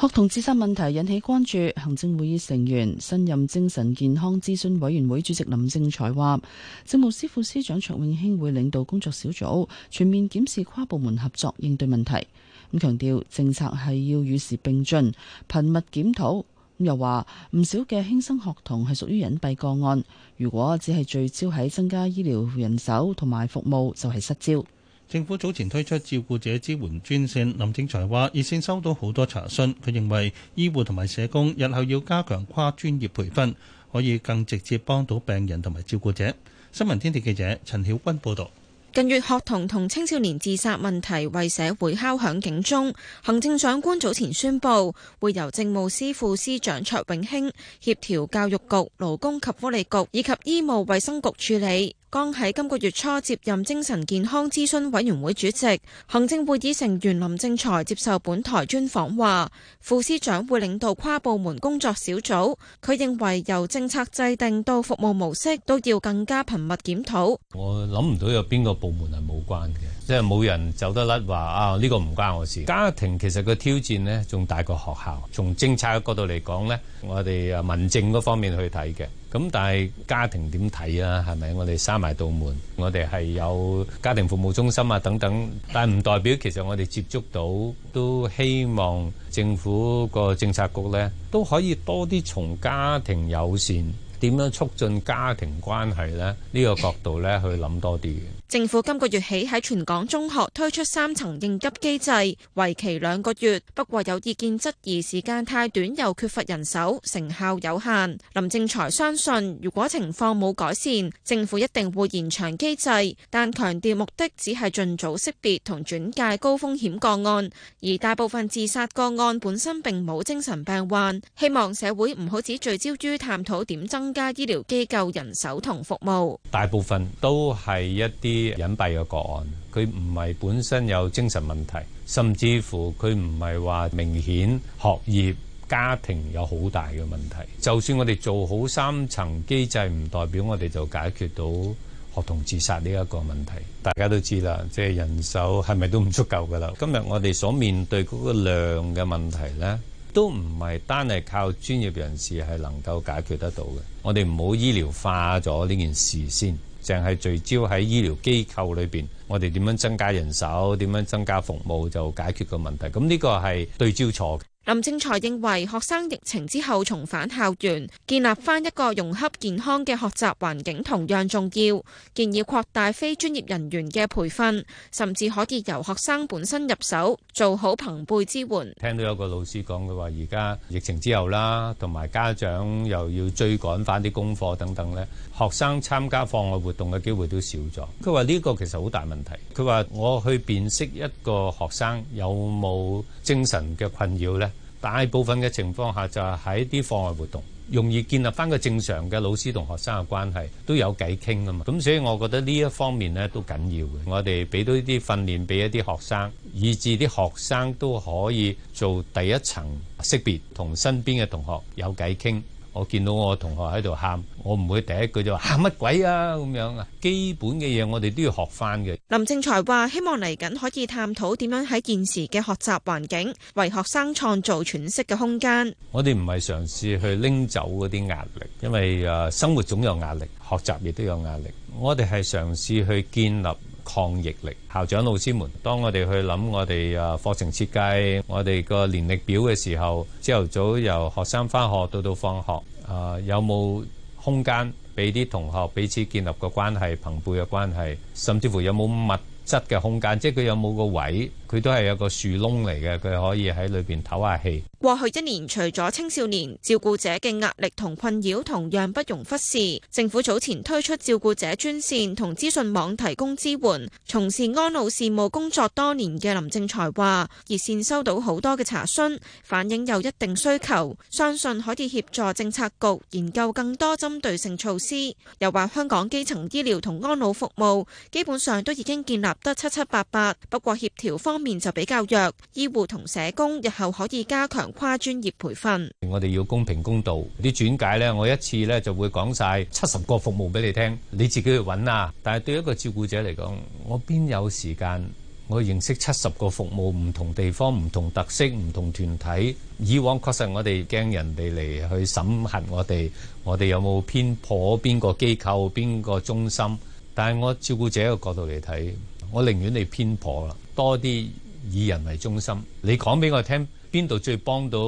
學童自殺問題引起關注，行政會議成員、新任精神健康諮詢委員會主席林正財話：政務司副司長卓永興會領導工作小組，全面檢視跨部門合作應對問題。咁強調政策係要與時並進、頻密檢討。咁又話唔少嘅輕生學童係屬於隱蔽個案，如果只係聚焦喺增加醫療人手同埋服務，就係、是、失焦。政府早前推出照顧者支援專線，林正財話熱線收到好多查詢，佢認為醫護同埋社工日後要加強跨專業培訓，可以更直接幫到病人同埋照顧者。新聞天地記者陳曉君報道。近月學童同青少年自殺問題為社會敲響警鐘，行政長官早前宣布會由政務司副司長卓永興協調教育局、勞工及福利局以及醫務衛生局處理。剛在今個月初接任精神健康資訊委員會主席，咁但係家庭點睇啊？係咪我哋閂埋道門？我哋係有家庭服務中心啊等等，但係唔代表其實我哋接觸到都希望政府個政策局呢都可以多啲從家庭友善。點樣促進家庭關係呢？呢個角度呢，去諗多啲。政府今個月起喺全港中學推出三層應急機制，為期兩個月。不過有意見質疑時間太短，又缺乏人手，成效有限。林正財相信，如果情況冇改善，政府一定會延長機制，但強調目的只係盡早識別同轉介高風險個案。而大部分自殺個案本身並冇精神病患，希望社會唔好只聚焦於探討點增。增加醫療機構人手同服務，大部分都係一啲隱蔽嘅個案,佢唔係本身有精神問題,甚至乎佢唔係話明顯,學業,家庭有好大嘅問題,就算我哋做好三層機制唔代表我哋就解決到學童自殺呢一個問題,大家都知啦,即係人手係咪都唔足夠㗎啦,今日我哋所面對嗰個量的問題呢,都唔係單係靠專業人士係能夠解決得到嘅。我哋唔好醫療化咗呢件事先，淨係聚焦喺醫療機構裏邊，我哋點樣增加人手，點樣增加服務就解決個問題，咁、嗯、呢個係對焦錯。林正財認為，學生疫情之後重返校園，建立翻一個融洽健康嘅學習環境同樣重要。建議擴大非專業人員嘅培訓，甚至可以由學生本身入手，做好朋輩支援。聽到有個老師講佢話，而家疫情之後啦，同埋家長又要追趕翻啲功課等等咧，學生參加課外活動嘅機會都少咗。佢話呢個其實好大問題。佢話我去辨識一個學生有冇精神嘅困擾咧。大部分嘅情況下就係喺啲課外活動，容易建立翻個正常嘅老師同學生嘅關係，都有偈傾啊嘛。咁所以我覺得呢一方面咧都緊要嘅。我哋俾到啲訓練俾一啲學生，以至啲學生都可以做第一層識別，同身邊嘅同學有偈傾。我見到我同學喺度喊，我唔會第一句就話喊乜鬼啊咁樣啊！基本嘅嘢我哋都要學返嘅。林正財話：希望嚟緊可以探討點樣喺現時嘅學習環境，為學生創造喘息嘅空間。我哋唔係嘗試去拎走嗰啲壓力，因為誒生活總有壓力，學習亦都有壓力。我哋係嘗試去建立抗逆力，校長老師們，當我哋去諗我哋誒課程設計，我哋個年曆表嘅時候，朝頭早由學生返學到到放學，誒、呃、有冇空間俾啲同學彼此建立個關係，朋輩嘅關係，甚至乎有冇物質嘅空間，即係佢有冇個位，佢都係有個樹窿嚟嘅，佢可以喺裏邊唞下氣。過去一年，除咗青少年照顧者嘅壓力同困擾，同樣不容忽視。政府早前推出照顧者專線同資訊網，提供支援。從事安老事務工作多年嘅林正財話：熱線收到好多嘅查詢，反映有一定需求，相信可以協助政策局研究更多針對性措施。又話香港基層醫療同安老服務基本上都已經建立得七七八八，不過協調方面就比較弱，醫護同社工日後可以加強。跨專業培訓，我哋要公平公道啲轉介呢，我一次呢就會講晒七十個服務俾你聽，你自己去揾啦，啊。但係對一個照顧者嚟講，我邊有時間？我認識七十個服務，唔同地方，唔同特色，唔同團體。以往確實我哋驚人哋嚟去審核我哋，我哋有冇偏頗邊個機構、邊個中心？但係我照顧者嘅角度嚟睇，我寧願你偏頗啦，多啲以人為中心。你講俾我聽。邊度最幫到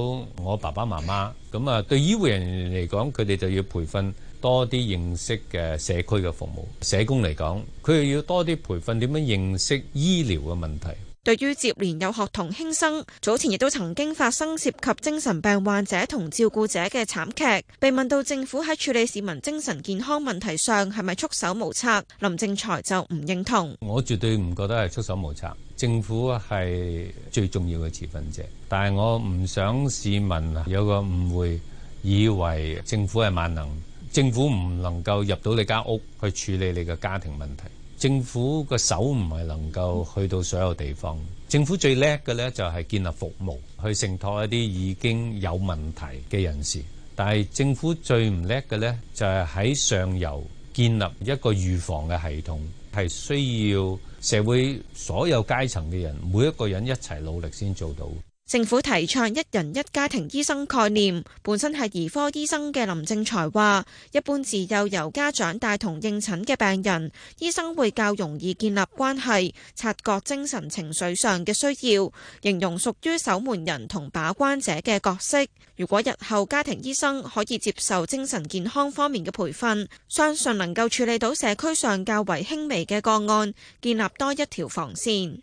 我爸爸媽媽？咁啊，對醫護人員嚟講，佢哋就要培訓多啲認識嘅社區嘅服務。社工嚟講，佢又要多啲培訓點樣認識醫療嘅問題。對於接連有學童輕生，早前亦都曾經發生涉及精神病患者同照顧者嘅慘劇。被問到政府喺處理市民精神健康問題上係咪束手無策，林正財就唔認同。我絕對唔覺得係束手無策。政府係最重要嘅持份者，但係我唔想市民啊有個誤會，以為政府係萬能。政府唔能夠入到你間屋去處理你嘅家庭問題。政府嘅手唔係能夠去到所有地方。政府最叻嘅咧就係建立服務，去承託一啲已經有問題嘅人士。但係政府最唔叻嘅咧就係喺上游建立一個預防嘅系統。係需要社會所有階層嘅人，每一個人一齊努力先做到。政府提倡一人一家庭醫生概念，本身係兒科醫生嘅林正才話，一般自幼由，由家長帶同應診嘅病人，醫生會較容易建立關係，察覺精神情緒上嘅需要，形容屬於守門人同把關者嘅角色。如果日後家庭醫生可以接受精神健康方面嘅培訓，相信能夠處理到社區上較為輕微嘅個案，建立多一條防線。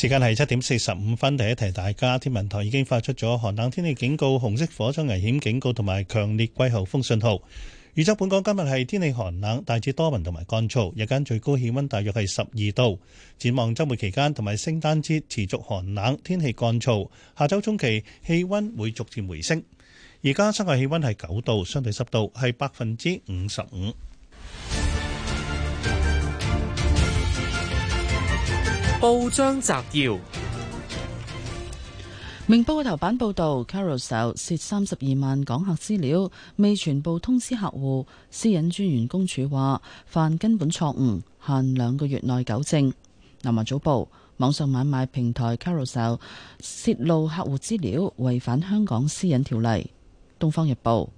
時間係七點四十五分，第一題，大家，天文台已經發出咗寒冷天氣警告、紅色火災危險警告同埋強烈季候風信號。預測本港今日係天氣寒冷，大致多雲同埋乾燥，日間最高氣溫大約係十二度。展望週末期間同埋聖誕節持續寒冷，天氣乾燥，下週中期氣溫會逐漸回升。而家室外氣溫係九度，相對濕度係百分之五十五。報章摘要：明報嘅頭版報道，Carousel 涉三十二萬港客資料，未全部通知客戶，私隱專員公署話犯根本錯誤，限兩個月內糾正。南華早報：網上買賣平台 Carousel 泄露客戶資料，違反香港私隱條例。東方日報：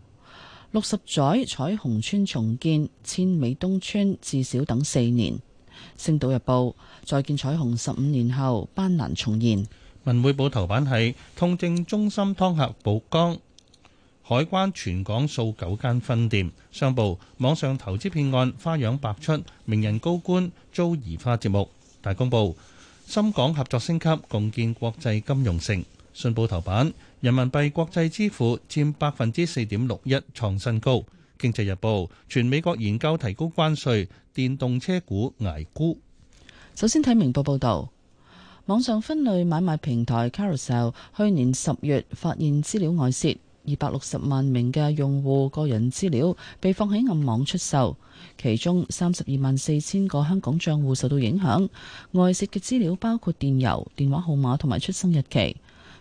六十載彩虹村重建，千美東村至少等四年。《星島日報》再見彩虹十五年後，班難重現。《文匯報》頭版係痛症中心湯客曝光。海關全港數九間分店。商報網上投資騙案花樣百出，名人高官遭移花接木。大公報深港合作升級，共建國際金融城。《信報》頭版人民幣國際支付佔百分之四點六一，創新高。經濟日報：全美國研究提高關稅，電動車股挨沽。首先睇明報報道，網上分類買賣平台 Carousell 去年十月發現資料外泄，二百六十萬名嘅用戶個人資料被放喺暗網出售，其中三十二萬四千個香港賬戶受到影響。外泄嘅資料包括電郵、電話號碼同埋出生日期。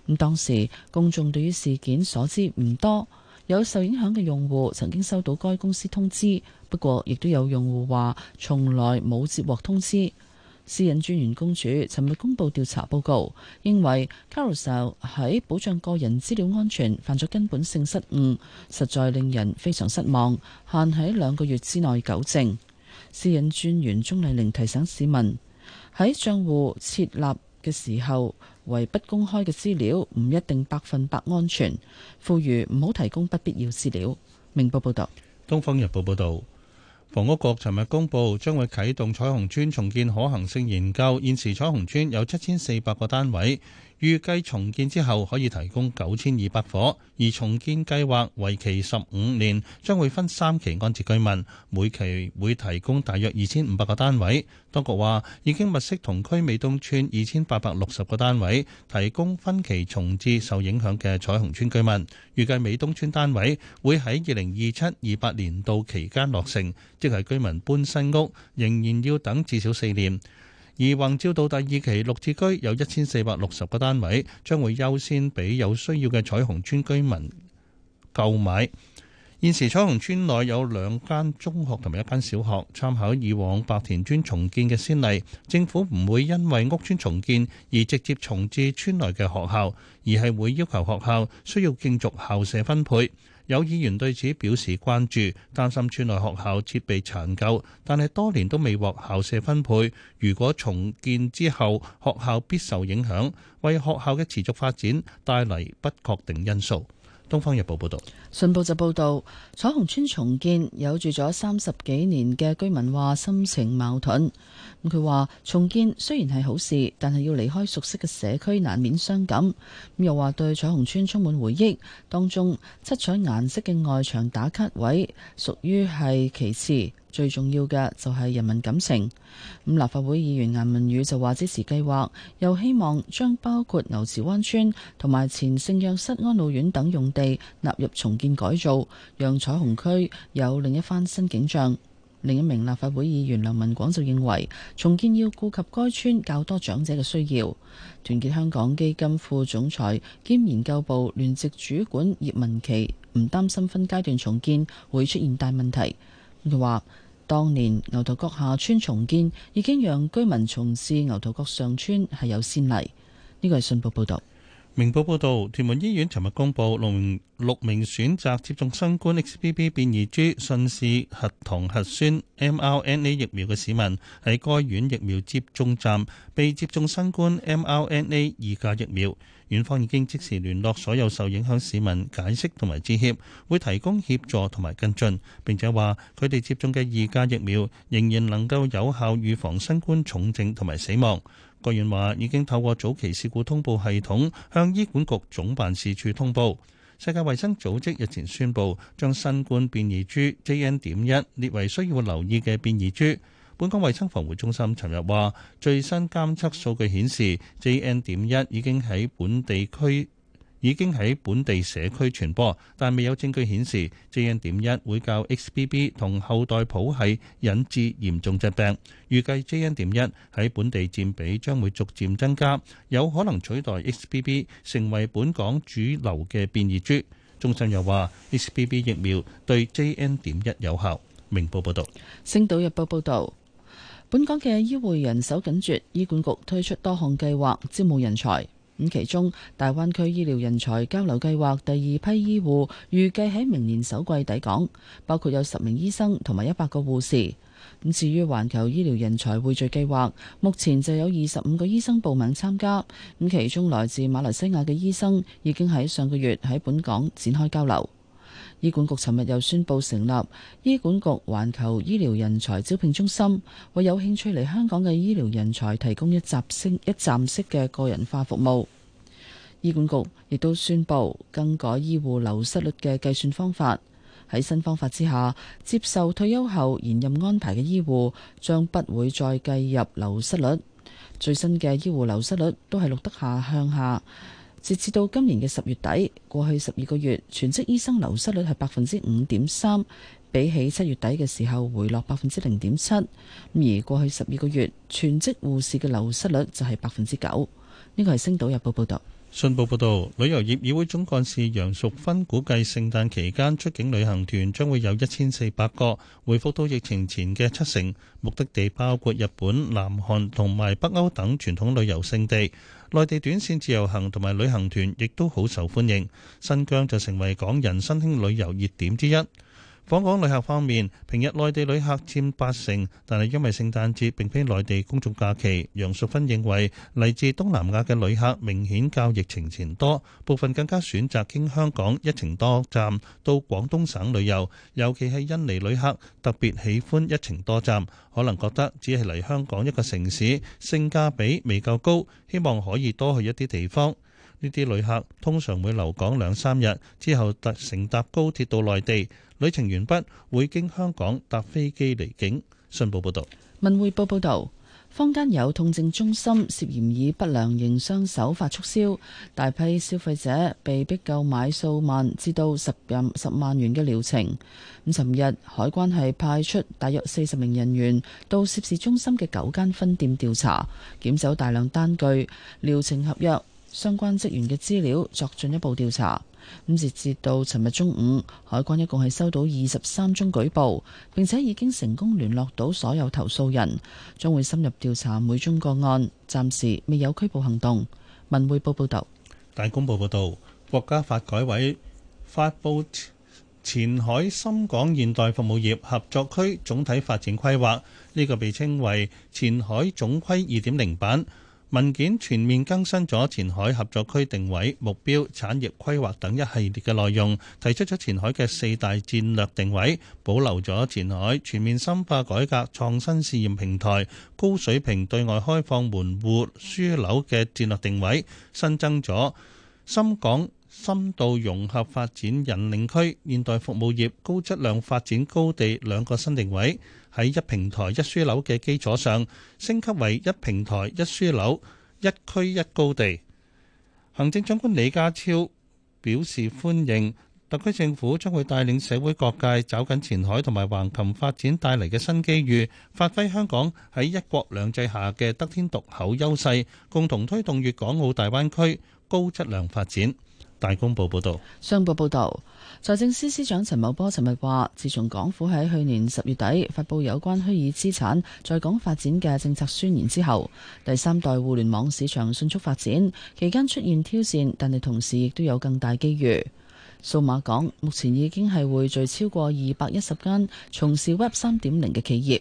咁當時公眾對於事件所知唔多。有受影響嘅用戶曾經收到該公司通知，不過亦都有用戶話從來冇接獲通知。私隱專員公署尋日公佈調查報告，認為 Carousell 喺保障個人資料安全犯咗根本性失誤，實在令人非常失望。限喺兩個月之內糾正。私隱專員鍾麗玲提醒市民喺賬戶設立嘅時候。為不公開嘅資料唔一定百分百安全，呼籲，唔好提供不必要資料。明報報道，東方日報報道，房屋局尋日公布將會啟動彩虹邨重建可行性研究。現時彩虹邨有七千四百個單位。預計重建之後可以提供九千二百伙，而重建計劃為期十五年，將會分三期安置居民，每期會提供大約二千五百個單位。當局話已經物色同區美東村二千八百六十個單位，提供分期重置受影響嘅彩虹村居民。預計美東村單位會喺二零二七、二八年度期間落成，即係居民搬新屋，仍然要等至少四年。而宏照道第二期綠置居有一千四百六十個單位，將會優先俾有需要嘅彩虹邨居民購買。現時彩虹邨內有兩間中學同埋一間小學，參考以往白田邨重建嘅先例，政府唔會因為屋邨重建而直接重置村內嘅學校，而係會要求學校需要競逐校舍分配。有議員對此表示關注，擔心村內學校設備殘舊，但係多年都未獲校舍分配。如果重建之後，學校必受影響，為學校嘅持續發展帶嚟不確定因素。《東方日報》報道，信報就報道彩虹村重建有住咗三十幾年嘅居民話心情矛盾。佢話重建雖然係好事，但係要離開熟悉嘅社區，難免傷感。又話對彩虹村充滿回憶，當中七彩顏色嘅外牆打卡位屬於係其次。最重要嘅就係人民感情。咁立法會議員顏汶羽就話支持計劃，又希望將包括牛池灣村同埋前聖約瑟安老院等用地納入重建改造，讓彩虹區有另一番新景象。另一名立法會議員梁文廣就認為重建要顧及該村較多長者嘅需要。團結香港基金副總裁兼研究部聯席主管葉文琪唔擔心分階段重建會出現大問題，佢話。當年牛頭角下村重建已經讓居民重置牛頭角上村係有先例。呢個係信報報導。明報報導，屯門醫院尋日公布六名選擇接種新冠 XBB 變異株信使核糖核酸 mRNA 疫苗嘅市民喺該院疫苗接種站被接種新冠 mRNA 二價疫苗。院方已經即時聯絡所有受影響市民，解釋同埋致歉，會提供協助同埋跟進。並且話佢哋接種嘅二價疫苗仍然能夠有效預防新冠重症同埋死亡。高院話已經透過早期事故通報系統向醫管局總辦事處通報。世界衛生組織日前宣布，將新冠變異株 JN.1 列為需要留意嘅變異株。本港衛生防護中心尋日話，最新監測數據顯示，JN 點一已經喺本地區已經喺本地社區傳播，但未有證據顯示 JN 點一會較 XBB 同後代譜系引致嚴重疾病。預計 JN 點一喺本地佔比將會逐漸增加，有可能取代 XBB 成為本港主流嘅變異株。中心又話，XBB 疫苗對 JN 點一有效。明報報道。《星島日報》報道。本港嘅醫護人手緊絀，醫管局推出多項計劃招募人才。咁其中大灣區醫療人才交流計劃第二批醫護預計喺明年首季抵港，包括有十名醫生同埋一百個護士。咁至於環球醫療人才匯聚計劃，目前就有二十五個醫生報名參加。咁其中來自馬來西亞嘅醫生已經喺上個月喺本港展開交流。醫管局尋日又宣佈成立醫管局環球醫療人才招聘中心，為有興趣嚟香港嘅醫療人才提供一站式、一站式嘅個人化服務。醫管局亦都宣佈更改醫護流失率嘅計算方法。喺新方法之下，接受退休後延任安排嘅醫護將不會再計入流失率。最新嘅醫護流失率都係錄得下向下。截至到今年嘅十月底，過去十二個月全職醫生流失率係百分之五點三，比起七月底嘅時候回落百分之零點七。而過去十二個月全職護士嘅流失率就係百分之九。呢個係《星島日報》報道。信報報道，旅遊業議會總幹事楊淑芬估計，聖誕期間出境旅行團將會有一千四百個，回復到疫情前嘅七成。目的地包括日本、南韓同埋北歐等傳統旅遊勝地。內地短線自由行同埋旅行團亦都好受歡迎，新疆就成為港人新興旅遊熱點之一。講講旅客方面，平日內地旅客佔八成，但係因為聖誕節並非內地公眾假期。楊淑芬認為，嚟自東南亞嘅旅客明顯較疫情前多，部分更加選擇經香港一程多站到廣東省旅遊，尤其係印尼旅客特別喜歡一程多站，可能覺得只係嚟香港一個城市，性價比未夠高，希望可以多去一啲地方。呢啲旅客通常會留港兩三日，之後搭乘搭高鐵到內地，旅程完畢會經香港搭飛機離境。信報報導，文匯報報導，坊間有痛症中心涉嫌以不良營商手法促銷，大批消費者被逼購買數萬至到十任十萬元嘅療程。咁，尋日海關係派出大約四十名人員到涉事中心嘅九間分店調查，檢走大量單據、療程合約。相關職員嘅資料作進一步調查。咁直至到尋日中午，海關一共係收到二十三宗舉報，並且已經成功聯絡到所有投訴人，將會深入調查每宗個案，暫時未有拘捕行動。文匯報報道，大公報報道，國家發改委發布前海深港現代服務業合作區總體發展規劃，呢個被稱為前海總規二點零版。文件全面更新咗前海合作區定位、目標、產業規劃等一系列嘅內容，提出咗前海嘅四大戰略定位，保留咗前海全面深化改革創新試驗平台、高水平對外開放門戶樞紐嘅戰略定位，新增咗深港。深度融合發展引領區、現代服務業高質量發展高地兩個新定位，喺一平台一樞紐嘅基礎上，升級為一平台一樞紐一區一高地。行政長官李家超表示歡迎，特區政府將會帶領社會各界抓緊前海同埋橫琴發展帶嚟嘅新機遇，發揮香港喺一國兩制下嘅得天獨厚優勢，共同推動粵港澳大灣區高質量發展。大公報報道，商報報道，財政司司長陳茂波尋日話：自從港府喺去年十月底發布有關虛擬資產在港發展嘅政策宣言之後，第三代互聯網市場迅速發展，期間出現挑戰，但係同時亦都有更大機遇。數碼港目前已經係匯聚超過二百一十間從事 Web 三點零嘅企業。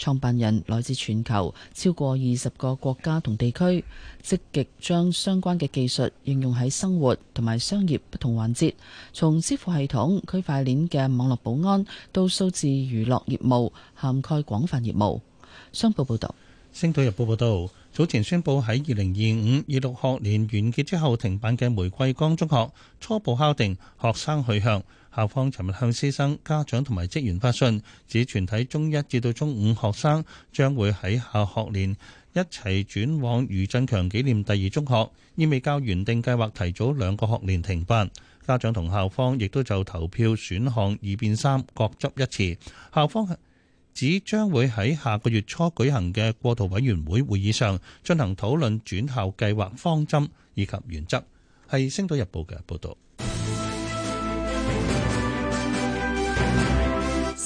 創辦人來自全球超過二十個國家同地區，積極將相關嘅技術應用喺生活同埋商業不同環節，從支付系統、區塊鏈嘅網絡保安到數字娛樂業務，涵蓋廣泛業務。商報報導，《星島日報》報道：早前宣布喺二零二五二六學年完結之後停辦嘅玫瑰崗中學，初步敲定學生去向。校方尋日向師生、家長同埋職員發信，指全體中一至到中五學生將會喺下學年一齊轉往余振強紀念第二中學，意味較原定計劃提早兩個學年停辦。家長同校方亦都就投票選項二變三各執一詞，校方指將會喺下個月初舉行嘅過渡委員會會議上進行討論轉校計劃方針以及原則，係星島日報嘅報道。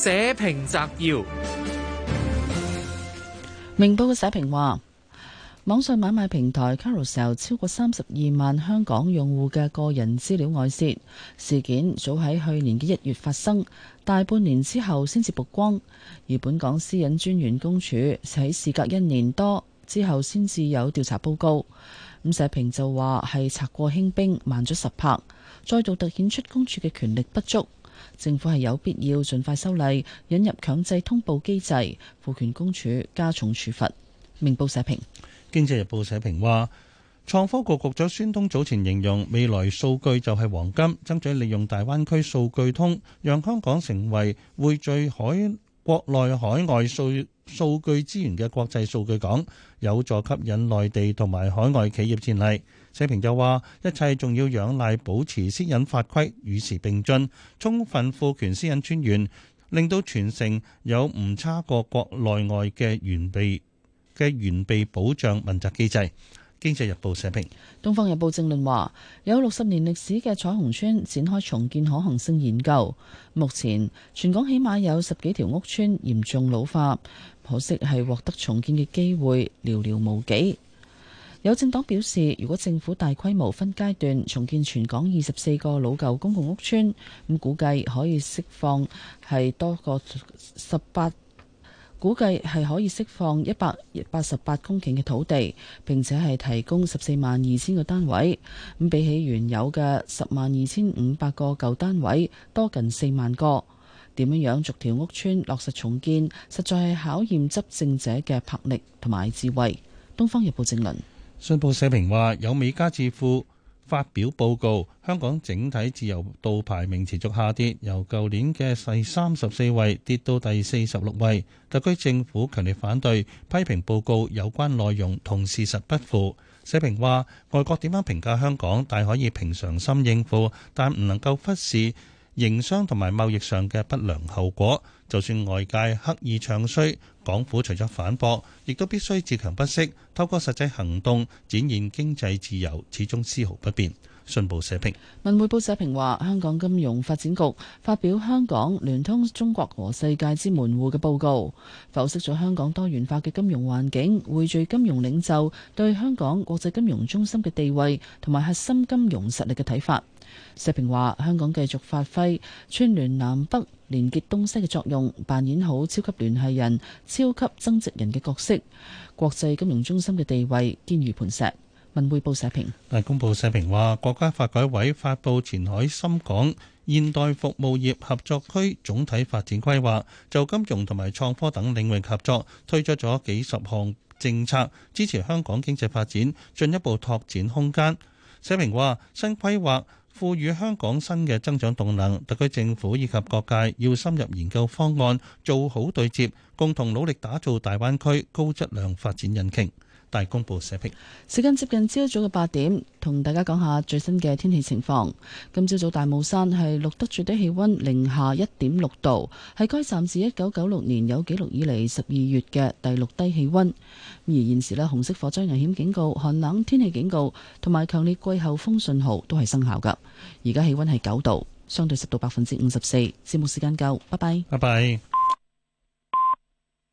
社評摘要：明報嘅社評話，網上買賣平台 Carousell 超過三十二萬香港用戶嘅個人資料外泄事件，早喺去年嘅一月發生，大半年之後先至曝光，而本港私隱專員公署喺事隔一年多之後先至有調查報告。咁社評就話，係拆過輕兵，慢咗十拍，再度凸顯出公署嘅權力不足。政府係有必要盡快修例，引入強制通報機制，賦權公署加重處罰。明報社評。《經濟日報》社評話，創科局局長孫東早前形容未來數據就係黃金，爭取利用大灣區數據通，讓香港成為匯聚海國內海外數數據資源嘅國際數據港，有助吸引內地同埋海外企業前嚟。社評又話：一切仲要仰賴保持私隱法規與時並進，充分賦權私隱專員，令到全城有唔差過國內外嘅完備嘅完備保障問責機制。經濟日報社評，東方日報正論話：有六十年歷史嘅彩虹村展開重建可行性研究，目前全港起碼有十幾條屋村嚴重老化，可惜係獲得重建嘅機會寥寥無幾。有政黨表示，如果政府大規模分階段重建全港二十四個老舊公共屋邨，咁估計可以釋放係多過十八，估計係可以釋放一百八十八公頃嘅土地，並且係提供十四萬二千個單位。咁比起原有嘅十萬二千五百個舊單位，多近四萬個。點樣逐條屋邨落實重建，實在係考驗執政者嘅魄力同埋智慧。《東方日報》正論。信報社評話，有美加智庫發表報告，香港整體自由度排名持續下跌，由舊年嘅第三十四位跌到第四十六位。特區政府強烈反對，批評報告有關內容同事實不符。社評話，外國點樣評價香港，大可以平常心應付，但唔能夠忽視營商同埋貿易上嘅不良後果，就算外界刻意唱衰，港府除咗反駁，亦都必須自強不息，透過實際行動展現經濟自由，始終絲毫不變。信報社評。文匯報社評話，香港金融發展局發表《香港聯通中國和世界之門戶》嘅報告，剖析咗香港多元化嘅金融環境，匯聚金融領袖對香港國際金融中心嘅地位同埋核心金融實力嘅睇法。社評話：香港繼續發揮串聯南北、連結東西嘅作用，扮演好超級聯繫人、超級增值人嘅角色。國際金融中心嘅地位堅如磐石。文匯報社評。大公報社評話：國家發改委發佈前海深港現代服務業合作區總體發展規劃，就金融同埋創科等領域合作，推出咗幾十項政策，支持香港經濟發展，進一步拓展空間。社評話：新規劃。賦予香港新嘅增長動能，特區政府以及各界要深入研究方案，做好對接，共同努力打造大灣區高質量發展引擎。大公報社評。時間接近朝早嘅八點，同大家講下最新嘅天氣情況。今朝早大帽山係錄得最低氣溫零下一點六度，係該站自一九九六年有記錄以嚟十二月嘅第六低氣溫。而現時咧紅色火災危險警告、寒冷天氣警告同埋強烈季候風信號都係生效噶，而家氣溫係九度，相對濕度百分之五十四。節目時間夠，拜拜。拜拜。